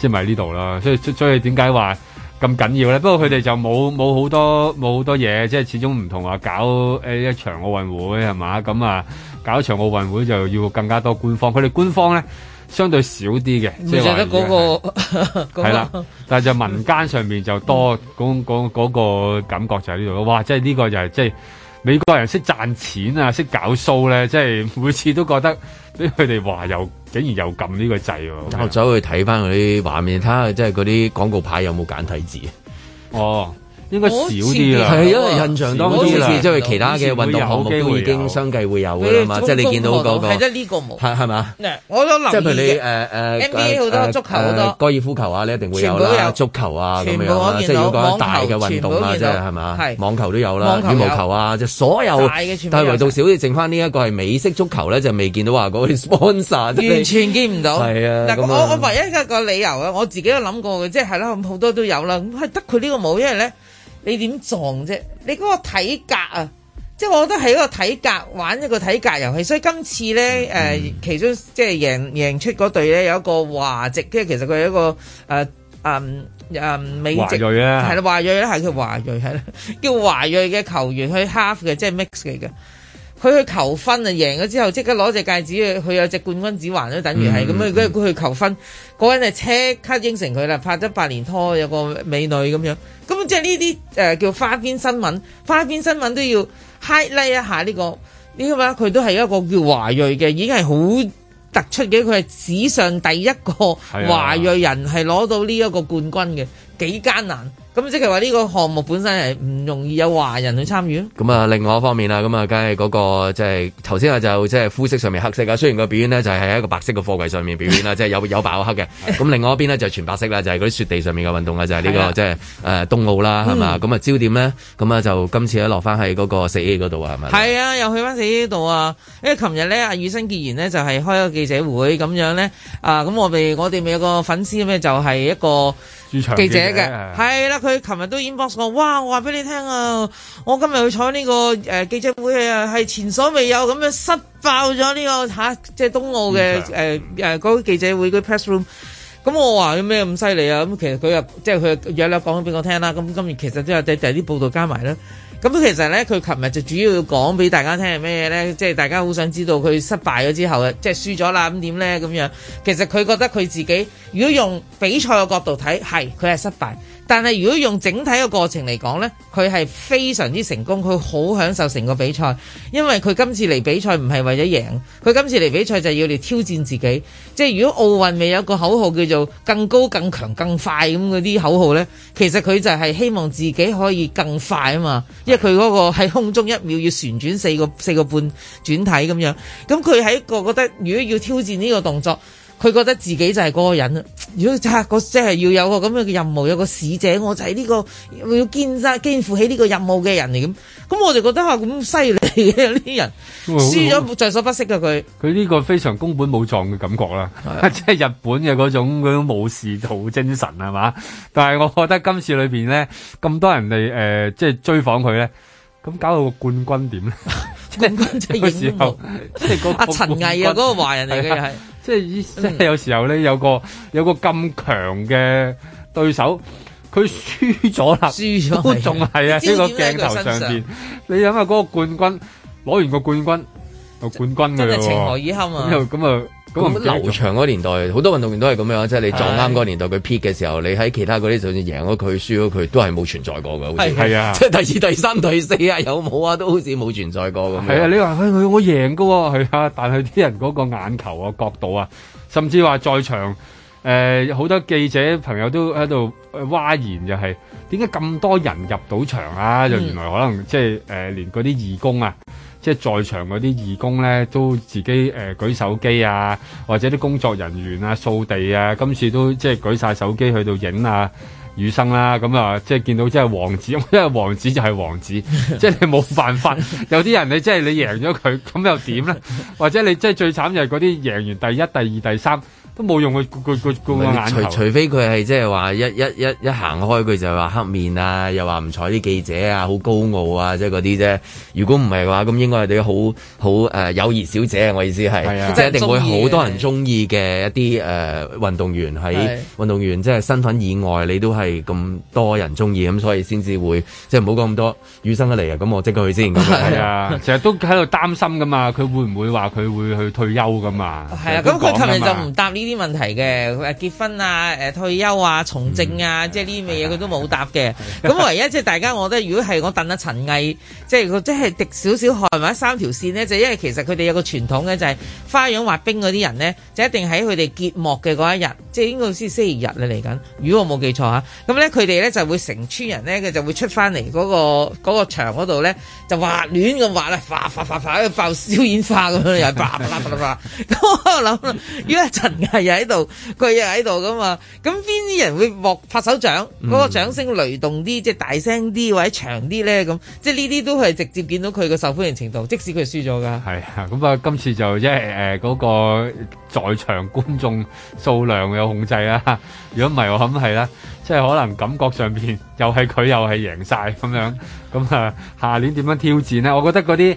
即係咪呢度啦？所以所以點解話咁緊要咧？不過佢哋就冇冇好多冇好多嘢，即係始終唔同話搞、欸、一場奧運會係嘛咁啊？搞一場奧運會就要更加多官方，佢哋官方咧相對少啲嘅，即係咧嗰個係啦， 但係就民間上面就多嗰、嗯嗰個感覺就喺呢度咯。哇！即係呢個就係、係、即係。美國人識賺錢啊，識搞 show 咧，即係每次都覺得俾佢哋話又竟然又撳呢個掣喎。我走去睇翻嗰啲畫面，睇下即係嗰啲廣告牌有冇簡體字？哦。應該少啲啦，係因為印象當中好似，即係、就是、其他嘅運動項目都已經相繼會有啦嘛，即係、就是、你見到、那個、這個係得呢個冇，係係嘛？嗱，我都諗即係譬如你誒誒 NBA 好多足球好多，高、uh, 爾、uh, 夫球啊，你一定會有，有足球啊，咁樣即係要講大嘅運動啦，即係係嘛？網球都有啦，羽毛球，球啊，就所有，有但係唯獨少啲，剩翻呢一個係美式足球咧，就未見到話嗰 sponsor 完全見唔到。係 啊，但我我唯一一個理由啊，我自己都諗過嘅，即係啦，好多都有啦，咁係得佢呢個冇，因為咧。你點撞啫？你嗰個體格啊，即係我覺得係一個體格玩一個體格遊戲。所以今次咧，誒、嗯呃、其中即係贏贏出嗰隊咧有一個華籍，即係其實佢係一個誒誒誒美籍華裔啊係啦華裔啦，係佢華裔係啦，叫華裔嘅球員去 half 嘅，即係 mix 嚟嘅。佢去求婚啊，贏咗之後即刻攞隻戒指去，佢有隻冠軍指環都等於係咁啊！佢去求婚，嗰、嗯嗯、人係即刻應承佢啦，拍咗八年拖，有個美女咁樣，咁即係呢啲誒叫花邊新聞，花邊新聞都要 highlight 一下呢、呢個呢、呢個嘛，佢都係一個叫華裔嘅，已經係好突出嘅，佢係史上第一個華裔人係攞到呢一個冠軍嘅，幾艱難。咁即係話呢個項目本身係唔容易有華人去參與？咁啊，另外一方面啦，咁啊、那個，梗係嗰個即係頭先啊，就即係膚色上面黑色啊。雖然個表演呢就係喺一個白色嘅貨櫃上面表演啦，即 係有有白黑嘅。咁 另外一邊呢，就全白色啦，就係嗰啲雪地上面嘅運動啊，就係、是、呢、這個即係誒東奧啦，係嘛？咁啊焦點呢，咁啊就今次落翻喺嗰個四 A 嗰度啊，係咪？係啊，又去翻四 A 度啊！因為琴日呢，阿宇生結然呢，就係開個記者會咁樣呢，啊！咁我哋我哋咪有個粉絲咩，就係一個。記者嘅係啦，佢琴日都 inbox 我，哇！我話俾你聽啊，我今日去坐呢、這個誒、呃、記者會啊，係前所未有咁樣塞爆咗呢、這個嚇，即係冬奧嘅誒嗰個記者會嗰、那個、press room。咁我話有咩咁犀利啊？咁其實佢又即係佢約略講咗俾我聽啦。咁今日其實都有啲啲報道加埋啦。咁其實呢，佢琴日就主要講俾大家聽係咩嘢呢？即係大家好想知道佢失敗咗之後，即係輸咗啦，咁點呢？咁樣？其實佢覺得佢自己如果用比賽嘅角度睇，係佢係失敗。但係如果用整體嘅過程嚟講呢，佢係非常之成功，佢好享受成個比賽，因為佢今次嚟比賽唔係為咗贏，佢今次嚟比賽就要嚟挑戰自己。即係如果奧運未有個口號叫做更高、更強、更快咁嗰啲口號呢，其實佢就係希望自己可以更快啊嘛，因為佢嗰個喺空中一秒要旋轉四個四個半轉體咁樣，咁佢係一個覺得如果要挑戰呢個動作。佢覺得自己就係嗰個人，如果真係即係要有個咁樣嘅任務，有個使者，我就係呢、呢個要肩身肩負起呢個任務嘅人嚟咁。咁我就覺得話咁犀利嘅啲人，哦、輸咗在所不惜嘅佢。佢、哦、呢、哦、個非常宮本武藏嘅感覺啦，即、哦、係 日本嘅嗰種嗰種武士道精神係嘛？但係我覺得今次裏面咧咁多人嚟誒、呃，即係追訪佢咧，咁搞到個冠軍點咧？哦 即係嗰個時候，即係阿陳毅啊，嗰個華人嚟嘅係，即係依即係有時候咧，有個有個咁強嘅對手，佢輸咗啦，輸咗都仲係啊！喺個鏡頭上邊，你諗下嗰個冠軍攞完個冠軍，個冠軍啊，真係情何以堪啊！咁啊。咁劉翔嗰年代，好多運動員都係咁樣，即係你撞啱嗰年代佢 peak 嘅時候，你喺其他嗰啲就算贏咗佢、輸咗佢，都係冇存在過好似係啊，即係第，第二、第三、第四啊，有冇啊，都好似冇存在過咁。係啊，你話佢、哎、我贏嘅係啊，但係啲人嗰個眼球啊、角度啊，甚至話在場誒好、呃、多記者朋友都喺度誒嘩然，就係點解咁多人入到場啊？就、嗯、原來可能即係誒、呃、連嗰啲義工啊。即係在場嗰啲義工咧，都自己誒、呃、舉手機啊，或者啲工作人員啊掃地啊，今次都即係舉晒手機去到影啊雨生啦、啊，咁啊即係見到即係王子，因為王子就係王子， 即係你冇辦法。有啲人你即係你贏咗佢，咁又點咧？或者你即係最慘就係嗰啲贏完第一、第二、第三。都冇用嘅，佢佢佢眼。除除非佢係即係話一一一一行開佢就話黑面啊，又話唔睬啲記者啊，好高傲啊，即係嗰啲啫。如果唔係嘅話，咁應該係對好好誒、呃、友誼小姐啊，我意思係，即係、啊就是、一定會好多人中意嘅一啲誒運動員，喺運動員即係身份以外，你都係咁多人中意咁，所以先至會即係唔好講咁多。雨生一嚟啊，咁我即刻去先。係 是啊，成 日都喺度擔心噶嘛，佢會唔會話佢會去退休噶嘛？係啊，咁佢琴日就唔答呢、這個，啲問題嘅，誒結婚啊，誒、呃、退休啊，從政啊，即係呢啲咩嘢佢都冇答嘅。咁 唯一即係大家，我覺得如果係我揼阿、啊、陳毅，即係佢，即係滴少少汗或者三條線呢，就因為其實佢哋有個傳統嘅，就係、是、花樣滑冰嗰啲人呢，就一定喺佢哋結幕嘅嗰一日，即係應該先星期日啦嚟緊，如果我冇記錯嚇、啊。咁呢，佢哋呢就會成村人呢，佢就會出翻嚟嗰個嗰個場嗰度呢，就滑亂咁滑啦，滑滑滑滑喺爆燒煙花咁樣，又啪啦啪啦啪咁我諗， 如果陳毅。係又喺度，佢又喺度噶嘛？咁邊啲人會搏拍手掌？嗰、那個掌聲雷動啲、嗯，即係大聲啲或者長啲咧？咁即係呢啲都係直接見到佢嘅受歡迎程度。即使佢輸咗噶，係啊！咁、嗯、啊，今次就即係誒，嗰、呃那個在場觀眾數量有控制啦、啊。如果唔係，我諗係啦，即係可能感覺上邊又係佢又係贏晒咁樣。咁、嗯、啊，下、嗯、年點樣挑戰咧？我覺得嗰啲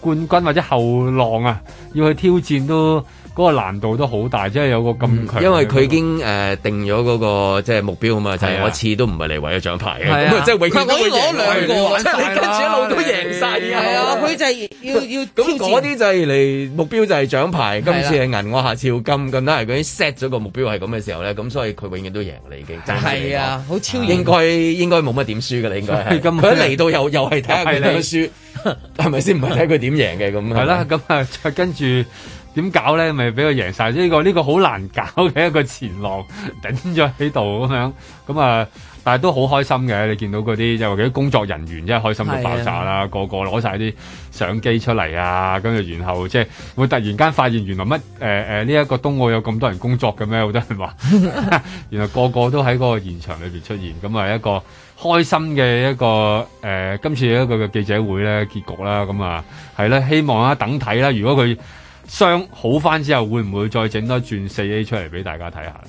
冠軍或者後浪啊，要去挑戰都。嗰個難度都好大，即係有個咁強。因為佢已經誒、呃、定咗嗰、嗰個即係目標啊嘛，就係我一次都唔係嚟為咗獎牌嘅，啊、即係為翻嗰個嘢。你跟住一路都贏晒。係啊，佢、啊、就係要要。咁嗰啲就係嚟目標就係獎牌，今次係銀，我下次要金咁啦。佢、啊、set 咗個目標係咁嘅時候咧，咁所以佢永遠都贏、啊嗯麼麼啊、看看是你已經。係 啊，好超應該應該冇乜點輸㗎。你應該佢嚟到又又係睇下佢點輸，係咪先？唔係睇佢點贏嘅咁。係啦，咁啊，跟住。點搞咧？咪俾佢贏曬，呢個呢個好難搞嘅一個前浪頂咗喺度咁樣咁啊！但係都好開心嘅，你見到嗰啲即係或者啲工作人員，真係開心到爆炸啦！個個攞曬啲相機出嚟啊！跟住然後即係會突然間發現原來乜誒誒呢一個冬奧有咁多人工作嘅咩？好多人都話，原來個個都喺嗰個現場裏邊出現，咁啊一個開心嘅一個誒今次一個嘅記者會咧結局啦。咁啊係啦，希望啊等睇啦。如果佢傷好翻之後會唔會再整多轉四 A 出嚟俾大家睇下？